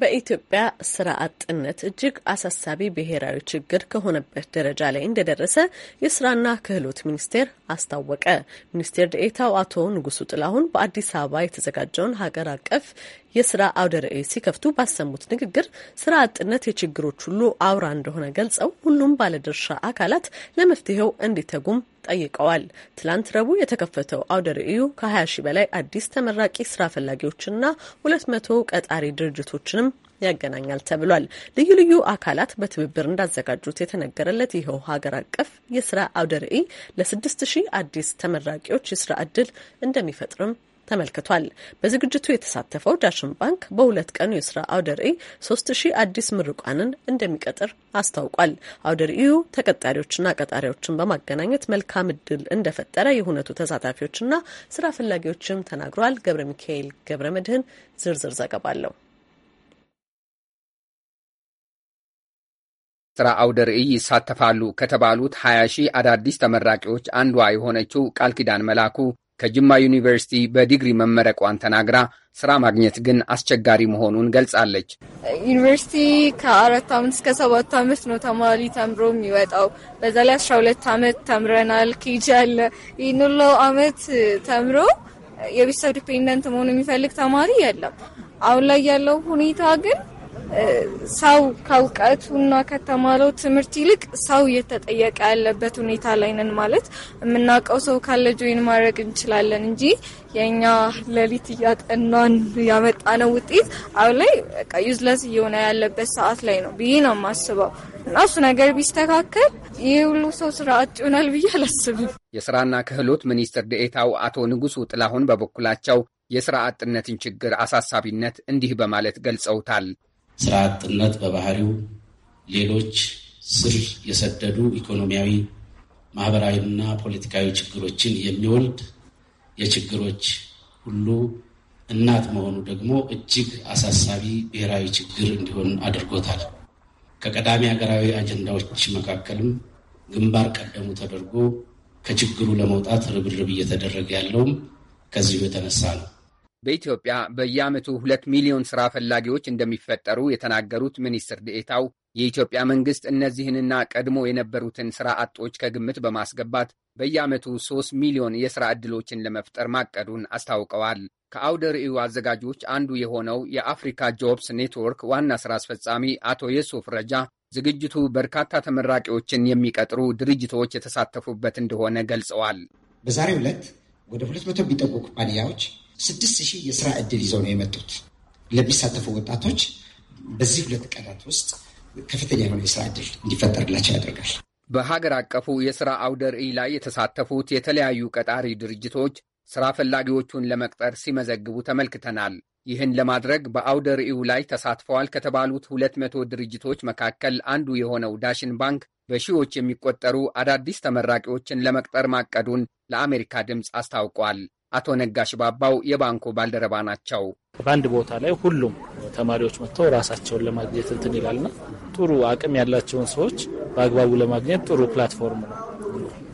በኢትዮጵያ ስራ አጥነት እጅግ አሳሳቢ ብሔራዊ ችግር ከሆነበት ደረጃ ላይ እንደደረሰ የስራና ክህሎት ሚኒስቴር አስታወቀ። ሚኒስቴር ደኤታው አቶ ንጉሱ ጥላሁን በአዲስ አበባ የተዘጋጀውን ሀገር አቀፍ የስራ አውደ ርዕይ ሲከፍቱ ባሰሙት ንግግር ስራ አጥነት የችግሮች ሁሉ አውራ እንደሆነ ገልጸው ሁሉም ባለድርሻ አካላት ለመፍትሄው እንዲተጉም ጠይቀዋል። ትላንት ረቡዕ የተከፈተው አውደ ርዕዩ ከ20 ሺ በላይ አዲስ ተመራቂ ስራ ፈላጊዎችና 200 ቀጣሪ ድርጅቶችንም ያገናኛል ተብሏል። ልዩ ልዩ አካላት በትብብር እንዳዘጋጁት የተነገረለት ይኸው ሀገር አቀፍ የስራ አውደ ርዕይ ለ6000 አዲስ ተመራቂዎች የስራ እድል እንደሚፈጥርም ተመልክቷል። በዝግጅቱ የተሳተፈው ዳሽን ባንክ በሁለት ቀኑ የስራ አውደ ርዕይ ሶስት ሺህ አዲስ ምርቋንን እንደሚቀጥር አስታውቋል። አውደ ርዕዩ ተቀጣሪዎችና ቀጣሪዎችን በማገናኘት መልካም እድል እንደፈጠረ የሁነቱ ተሳታፊዎችና ስራ ፈላጊዎችም ተናግረዋል። ገብረ ሚካኤል ገብረ መድህን ዝርዝር ዘገባ አለው። ስራ አውደ ርዕይ ይሳተፋሉ ከተባሉት 20 ሺህ አዳዲስ ተመራቂዎች አንዷ የሆነችው ቃል ኪዳን መላኩ ከጅማ ዩኒቨርሲቲ በዲግሪ መመረቋን ተናግራ ስራ ማግኘት ግን አስቸጋሪ መሆኑን ገልጻለች። ዩኒቨርሲቲ ከአራት ዓመት እስከ ሰባት ዓመት ነው ተማሪ ተምሮ የሚወጣው። በዛ ላይ አስራ ሁለት ዓመት ተምረናል። ኬጅ አለ። ይህን ሁሉ ተምሮ የቤተሰብ ዲፔንደንት መሆኑ የሚፈልግ ተማሪ የለም። አሁን ላይ ያለው ሁኔታ ግን ሰው ከእውቀቱና ከተማረው ትምህርት ይልቅ ሰው እየተጠየቀ ያለበት ሁኔታ ላይ ነን። ማለት የምናውቀው ሰው ካለ ጆይን ማድረግ እንችላለን እንጂ የእኛ ሌሊት እያጠናን ያመጣነው ውጤት አሁን ላይ ዩዝለስ እየሆነ ያለበት ሰዓት ላይ ነው ብዬ ነው የማስበው። እና እሱ ነገር ቢስተካከል ይህ ሁሉ ሰው ስራ አጥ ይሆናል ብዬ አላስብም። የስራና ክህሎት ሚኒስትር ደኤታው አቶ ንጉሱ ጥላሁን በበኩላቸው የስራ አጥነትን ችግር አሳሳቢነት እንዲህ በማለት ገልጸውታል። ስራ አጥነት በባህሪው ሌሎች ስር የሰደዱ ኢኮኖሚያዊ፣ ማህበራዊና ፖለቲካዊ ችግሮችን የሚወልድ የችግሮች ሁሉ እናት መሆኑ ደግሞ እጅግ አሳሳቢ ብሔራዊ ችግር እንዲሆን አድርጎታል። ከቀዳሚ ሀገራዊ አጀንዳዎች መካከልም ግንባር ቀደሙ ተደርጎ ከችግሩ ለመውጣት ርብርብ እየተደረገ ያለውም ከዚሁ የተነሳ ነው። በኢትዮጵያ በየዓመቱ ሁለት ሚሊዮን ሥራ ፈላጊዎች እንደሚፈጠሩ የተናገሩት ሚኒስትር ዴኤታው የኢትዮጵያ መንግሥት እነዚህንና ቀድሞ የነበሩትን ሥራ አጦች ከግምት በማስገባት በየዓመቱ ሦስት ሚሊዮን የሥራ ዕድሎችን ለመፍጠር ማቀዱን አስታውቀዋል። ከአውደ ርዕዩ አዘጋጆች አንዱ የሆነው የአፍሪካ ጆብስ ኔትወርክ ዋና ሥራ አስፈጻሚ አቶ የሱፍ ረጃ ዝግጅቱ በርካታ ተመራቂዎችን የሚቀጥሩ ድርጅቶች የተሳተፉበት እንደሆነ ገልጸዋል። በዛሬው ዕለት ወደ መቶ የሚጠጉ ኩባንያዎች ስድስት ሺህ የስራ እድል ይዘው ነው የመጡት። ለሚሳተፉ ወጣቶች በዚህ ሁለት ቀናት ውስጥ ከፍተኛ የሆነ የስራ እድል እንዲፈጠርላቸው ያደርጋል። በሀገር አቀፉ የስራ አውደ ርዕይ ላይ የተሳተፉት የተለያዩ ቀጣሪ ድርጅቶች ስራ ፈላጊዎቹን ለመቅጠር ሲመዘግቡ ተመልክተናል። ይህን ለማድረግ በአውደ ርዕዩ ላይ ተሳትፈዋል ከተባሉት ሁለት መቶ ድርጅቶች መካከል አንዱ የሆነው ዳሽን ባንክ በሺዎች የሚቆጠሩ አዳዲስ ተመራቂዎችን ለመቅጠር ማቀዱን ለአሜሪካ ድምፅ አስታውቋል። አቶ ነጋሽ ባባው የባንኩ ባልደረባ ናቸው። በአንድ ቦታ ላይ ሁሉም ተማሪዎች መጥተው ራሳቸውን ለማግኘት እንትን ይላልና ጥሩ አቅም ያላቸውን ሰዎች በአግባቡ ለማግኘት ጥሩ ፕላትፎርም ነው።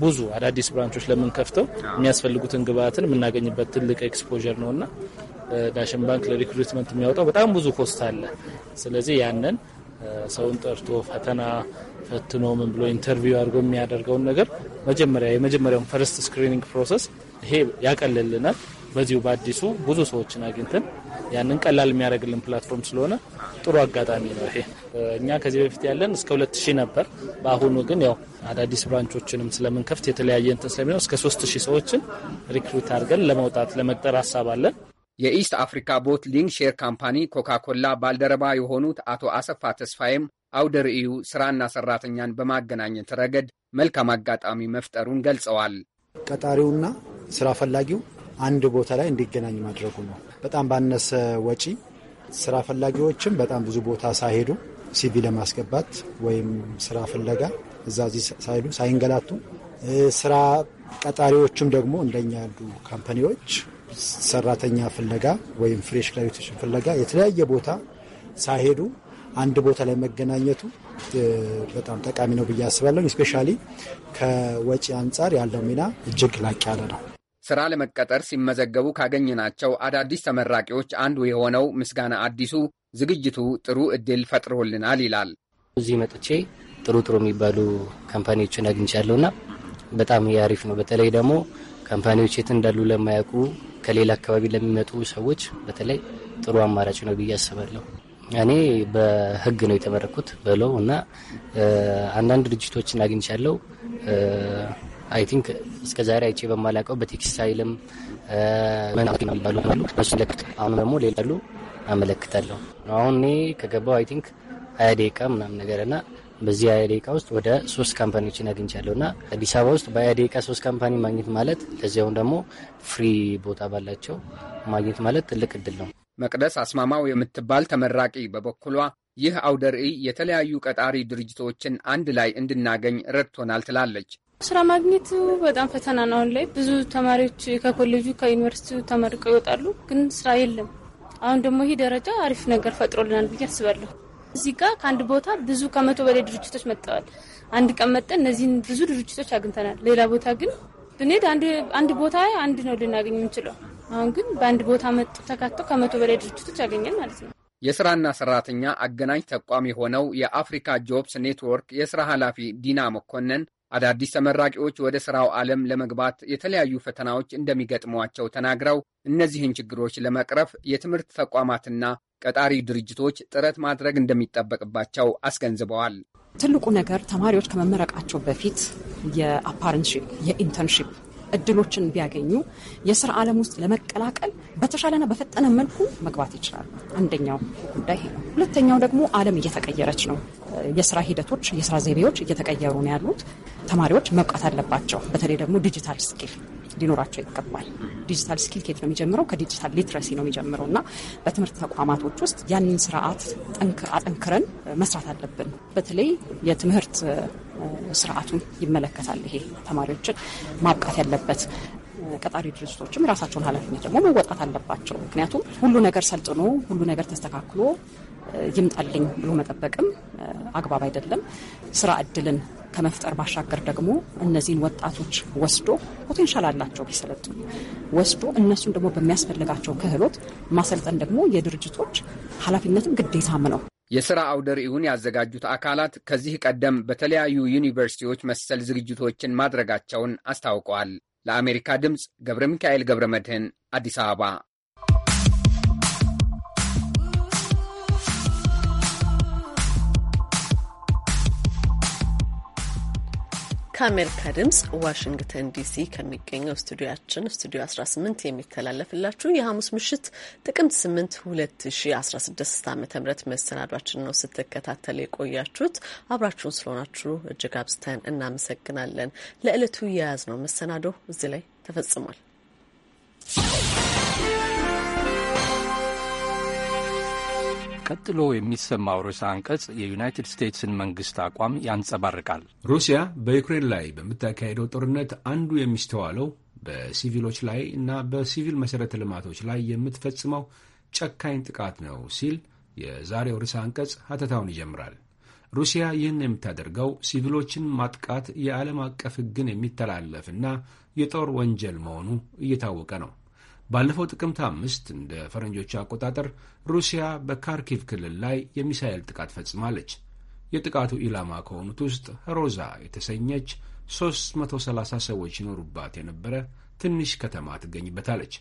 ብዙ አዳዲስ ብራንቾች ለምንከፍተው የሚያስፈልጉትን ግብአትን የምናገኝበት ትልቅ ኤክስፖዠር ነው እና ዳሽን ባንክ ለሪክሩትመንት የሚያወጣው በጣም ብዙ ኮስት አለ። ስለዚህ ያንን ሰውን ጠርቶ ፈተና ፈትኖ ምን ብሎ ኢንተርቪው አድርጎ የሚያደርገውን ነገር መጀመሪያ የመጀመሪያውን ፈርስት ስክሪኒንግ ፕሮሰስ ይሄ ያቀልልናል። በዚሁ በአዲሱ ብዙ ሰዎችን አግኝተን ያንን ቀላል የሚያደርግልን ፕላትፎርም ስለሆነ ጥሩ አጋጣሚ ነው። ይሄ እኛ ከዚህ በፊት ያለን እስከ ሁለት ሺህ ነበር። በአሁኑ ግን ያው አዳዲስ ብራንቾችንም ስለምንከፍት የተለያየ እንትን ስለሚሆን እስከ ሶስት ሺህ ሰዎችን ሪክሩት አድርገን ለመውጣት ለመቅጠር ሀሳብ አለን። የኢስት አፍሪካ ቦትሊንግ ሼር ካምፓኒ ኮካ ኮላ ባልደረባ የሆኑት አቶ አሰፋ ተስፋዬም አውደ ርዕዩ ስራና ሰራተኛን በማገናኘት ረገድ መልካም አጋጣሚ መፍጠሩን ገልጸዋል። ቀጣሪውና ስራ ፈላጊው አንድ ቦታ ላይ እንዲገናኝ ማድረጉ ነው። በጣም ባነሰ ወጪ ስራ ፈላጊዎችም በጣም ብዙ ቦታ ሳይሄዱ ሲቪ ለማስገባት ወይም ስራ ፍለጋ እዛ እዚህ ሳይሉ ሳይንገላቱ ስራ ቀጣሪዎችም ደግሞ እንደኛ ያሉ ካምፓኒዎች ሰራተኛ ፍለጋ ወይም ፍሬሽ ግራጁዌቶችን ፍለጋ የተለያየ ቦታ ሳይሄዱ አንድ ቦታ ላይ መገናኘቱ በጣም ጠቃሚ ነው ብዬ አስባለሁ። እስፔሻሊ ከወጪ አንጻር ያለው ሚና እጅግ ላቅ ያለ ነው። ስራ ለመቀጠር ሲመዘገቡ ካገኘናቸው አዳዲስ ተመራቂዎች አንዱ የሆነው ምስጋና አዲሱ ዝግጅቱ ጥሩ እድል ፈጥሮልናል ይላል። እዚህ መጥቼ ጥሩ ጥሩ የሚባሉ ካምፓኒዎችን አግኝቻለሁና በጣም አሪፍ ነው። በተለይ ደግሞ ካምፓኒዎች የት እንዳሉ ለማያውቁ ከሌላ አካባቢ ለሚመጡ ሰዎች በተለይ ጥሩ አማራጭ ነው ብዬ አስባለሁ። እኔ በህግ ነው የተመረኩት በለው እና አንዳንድ ድርጅቶችን አግኝቻለሁ አይ ቲንክ እስከ ዛሬ አይቼ በማላውቀው በቴክስታይልም መናፍቅ ይባሉ እሱ ለክ አሁን ደግሞ ሌላሉ አመለክታለሁ። አሁን እኔ ከገባው አይ ቲንክ ሀያ ደቂቃ ምናምን ነገር እና በዚህ ሀያ ደቂቃ ውስጥ ወደ ሶስት ካምፓኒዎችን አግኝቻለሁ እና አዲስ አበባ ውስጥ በሀያ ደቂቃ ሶስት ካምፓኒ ማግኘት ማለት ለዚያውን ደግሞ ፍሪ ቦታ ባላቸው ማግኘት ማለት ትልቅ እድል ነው። መቅደስ አስማማው የምትባል ተመራቂ በበኩሏ ይህ አውደ ርዕይ የተለያዩ ቀጣሪ ድርጅቶችን አንድ ላይ እንድናገኝ ረድቶናል ትላለች። ስራ ማግኘቱ በጣም ፈተና ነው። አሁን ላይ ብዙ ተማሪዎች ከኮሌጁ ከዩኒቨርሲቲው ተመርቀው ይወጣሉ፣ ግን ስራ የለም። አሁን ደግሞ ይህ ደረጃ አሪፍ ነገር ፈጥሮልናል ብዬ አስባለሁ። እዚህ ጋር ከአንድ ቦታ ብዙ ከመቶ በላይ ድርጅቶች መጥተዋል። አንድ ቀን መጠን እነዚህን ብዙ ድርጅቶች አግኝተናል። ሌላ ቦታ ግን ብንሄድ አንድ ቦታ አንድ ነው ልናገኝ የምንችለው። አሁን ግን በአንድ ቦታ መጡ ተካተው ከመቶ በላይ ድርጅቶች አገኘን ማለት ነው። የስራና ሰራተኛ አገናኝ ተቋም የሆነው የአፍሪካ ጆብስ ኔትወርክ የስራ ኃላፊ ዲና መኮንን አዳዲስ ተመራቂዎች ወደ ሥራው ዓለም ለመግባት የተለያዩ ፈተናዎች እንደሚገጥሟቸው ተናግረው እነዚህን ችግሮች ለመቅረፍ የትምህርት ተቋማትና ቀጣሪ ድርጅቶች ጥረት ማድረግ እንደሚጠበቅባቸው አስገንዝበዋል። ትልቁ ነገር ተማሪዎች ከመመረቃቸው በፊት የአፓረንትሺፕ የኢንተርንሺፕ እድሎችን ቢያገኙ የስራ ዓለም ውስጥ ለመቀላቀል በተሻለና በፈጠነ መልኩ መግባት ይችላሉ። አንደኛው ጉዳይ ይሄ ነው። ሁለተኛው ደግሞ ዓለም እየተቀየረች ነው። የስራ ሂደቶች፣ የስራ ዘይቤዎች እየተቀየሩ ነው ያሉት። ተማሪዎች መብቃት አለባቸው። በተለይ ደግሞ ዲጂታል ስኪል ሊኖራቸው ይገባል። ዲጂታል ስኪል ኬት ነው የሚጀምረው? ከዲጂታል ሊትረሲ ነው የሚጀምረው እና በትምህርት ተቋማቶች ውስጥ ያንን ስርዓት አጠንክረን መስራት አለብን። በተለይ የትምህርት ስርዓቱን ይመለከታል። ይሄ ተማሪዎችን ማብቃት ያለበት ቀጣሪ ድርጅቶችም የራሳቸውን ኃላፊነት ደግሞ መወጣት አለባቸው። ምክንያቱም ሁሉ ነገር ሰልጥኖ ሁሉ ነገር ተስተካክሎ ይምጣልኝ ብሎ መጠበቅም አግባብ አይደለም። ስራ እድልን ከመፍጠር ባሻገር ደግሞ እነዚህን ወጣቶች ወስዶ ፖቴንሻል አላቸው ቢሰለጥኑ ወስዶ እነሱን ደግሞ በሚያስፈልጋቸው ክህሎት ማሰልጠን ደግሞ የድርጅቶች ኃላፊነትም ግዴታም ነው። የሥራ አውደ ርዕዩን ያዘጋጁት አካላት ከዚህ ቀደም በተለያዩ ዩኒቨርሲቲዎች መሰል ዝግጅቶችን ማድረጋቸውን አስታውቀዋል። ለአሜሪካ ድምፅ ገብረ ሚካኤል ገብረ መድህን አዲስ አበባ ከአሜሪካ ድምጽ ዋሽንግተን ዲሲ ከሚገኘው ስቱዲያችን ስቱዲዮ 18 የሚተላለፍላችሁ የሐሙስ ምሽት ጥቅምት 8 2016 ዓ ም መሰናዷችን ነው ስትከታተል የቆያችሁት። አብራችሁን ስለሆናችሁ እጅግ አብዝተን እናመሰግናለን። ለዕለቱ የያዝነው መሰናዶ እዚህ ላይ ተፈጽሟል። ቀጥሎ የሚሰማው ርዕሰ አንቀጽ የዩናይትድ ስቴትስን መንግስት አቋም ያንጸባርቃል። ሩሲያ በዩክሬን ላይ በምታካሄደው ጦርነት አንዱ የሚስተዋለው በሲቪሎች ላይ እና በሲቪል መሠረተ ልማቶች ላይ የምትፈጽመው ጨካኝ ጥቃት ነው ሲል የዛሬው ርዕሰ አንቀጽ ሀተታውን ይጀምራል። ሩሲያ ይህን የምታደርገው ሲቪሎችን ማጥቃት የዓለም አቀፍ ሕግን የሚተላለፍና የጦር ወንጀል መሆኑ እየታወቀ ነው። ባለፈው ጥቅምት አምስት እንደ ፈረንጆቹ አቆጣጠር ሩሲያ በካርኪቭ ክልል ላይ የሚሳኤል ጥቃት ፈጽማለች። የጥቃቱ ኢላማ ከሆኑት ውስጥ ሮዛ የተሰኘች 330 ሰዎች ይኖሩባት የነበረ ትንሽ ከተማ ትገኝበታለች።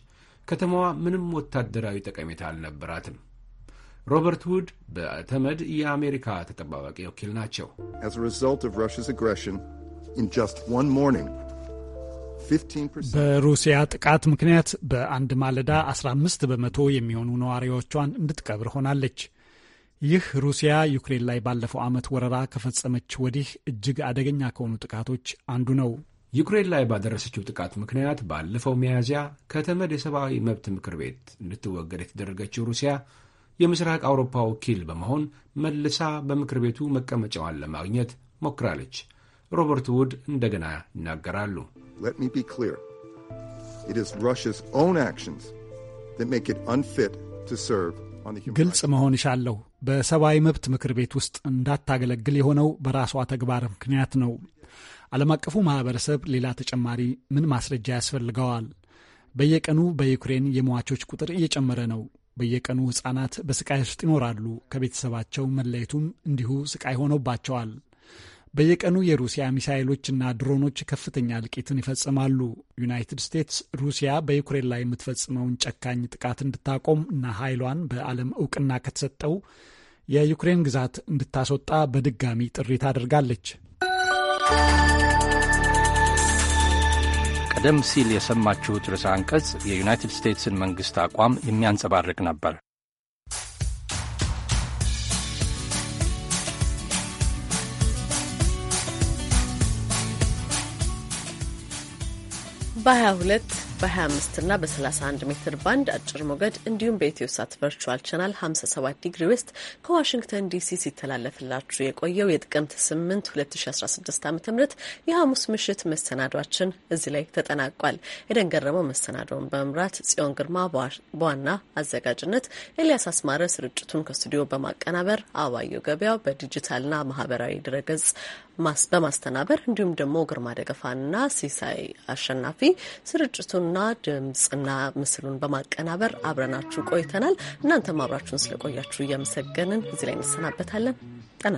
ከተማዋ ምንም ወታደራዊ ጠቀሜታ አልነበራትም። ሮበርት ውድ በተመድ የአሜሪካ ተጠባባቂ ወኪል ናቸው። በሩሲያ ጥቃት ምክንያት በአንድ ማለዳ 15 በመቶ የሚሆኑ ነዋሪዎቿን እንድትቀብር ሆናለች። ይህ ሩሲያ ዩክሬን ላይ ባለፈው ዓመት ወረራ ከፈጸመች ወዲህ እጅግ አደገኛ ከሆኑ ጥቃቶች አንዱ ነው። ዩክሬን ላይ ባደረሰችው ጥቃት ምክንያት ባለፈው ሚያዝያ ከተመድ የሰብአዊ መብት ምክር ቤት እንድትወገድ የተደረገችው ሩሲያ የምስራቅ አውሮፓ ወኪል በመሆን መልሳ በምክር ቤቱ መቀመጫዋን ለማግኘት ሞክራለች። ሮበርት ውድ እንደገና ይናገራሉ። Let me be clear. It is Russia's own actions that make it unfit to serve on the human ግልጽ መሆን ይሻለሁ። በሰብአዊ መብት ምክር ቤት ውስጥ እንዳታገለግል የሆነው በራሷ ተግባር ምክንያት ነው። ዓለም አቀፉ ማህበረሰብ ሌላ ተጨማሪ ምን ማስረጃ ያስፈልገዋል? በየቀኑ በዩክሬን የሟቾች ቁጥር እየጨመረ ነው። በየቀኑ ሕፃናት በስቃይ ውስጥ ይኖራሉ። ከቤተሰባቸው መለየቱም እንዲሁ ስቃይ ሆኖባቸዋል። በየቀኑ የሩሲያ ሚሳይሎችና ድሮኖች ከፍተኛ እልቂትን ይፈጽማሉ። ዩናይትድ ስቴትስ ሩሲያ በዩክሬን ላይ የምትፈጽመውን ጨካኝ ጥቃት እንድታቆም እና ኃይሏን በዓለም እውቅና ከተሰጠው የዩክሬን ግዛት እንድታስወጣ በድጋሚ ጥሪ ታደርጋለች። ቀደም ሲል የሰማችሁት ርዕሰ አንቀጽ የዩናይትድ ስቴትስን መንግስት አቋም የሚያንጸባርቅ ነበር። በ22 በ25 እና በ31 ሜትር ባንድ አጭር ሞገድ እንዲሁም በኢትዮ ሳት ቨርቹዋል ቻናል 57 ዲግሪ ዌስት ከዋሽንግተን ዲሲ ሲተላለፍላችሁ የቆየው የጥቅምት 8 2016 ዓ ም የሐሙስ ምሽት መሰናዷችን እዚህ ላይ ተጠናቋል። የደን ገረመው መሰናዶውን በመምራት ጽዮን ግርማ በዋና አዘጋጅነት፣ ኤልያስ አስማረ ስርጭቱን ከስቱዲዮ በማቀናበር አባየው ገበያው በዲጂታልና ማህበራዊ ድረገጽ በማስተናበር እንዲሁም ደግሞ ግርማ ደገፋና ሲሳይ አሸናፊ ስርጭቱና ድምፅና ምስሉን በማቀናበር አብረናችሁ ቆይተናል። እናንተም አብራችሁን ስለቆያችሁ እያመሰገንን እዚህ ላይ እንሰናበታለን። ጤና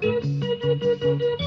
Thank you.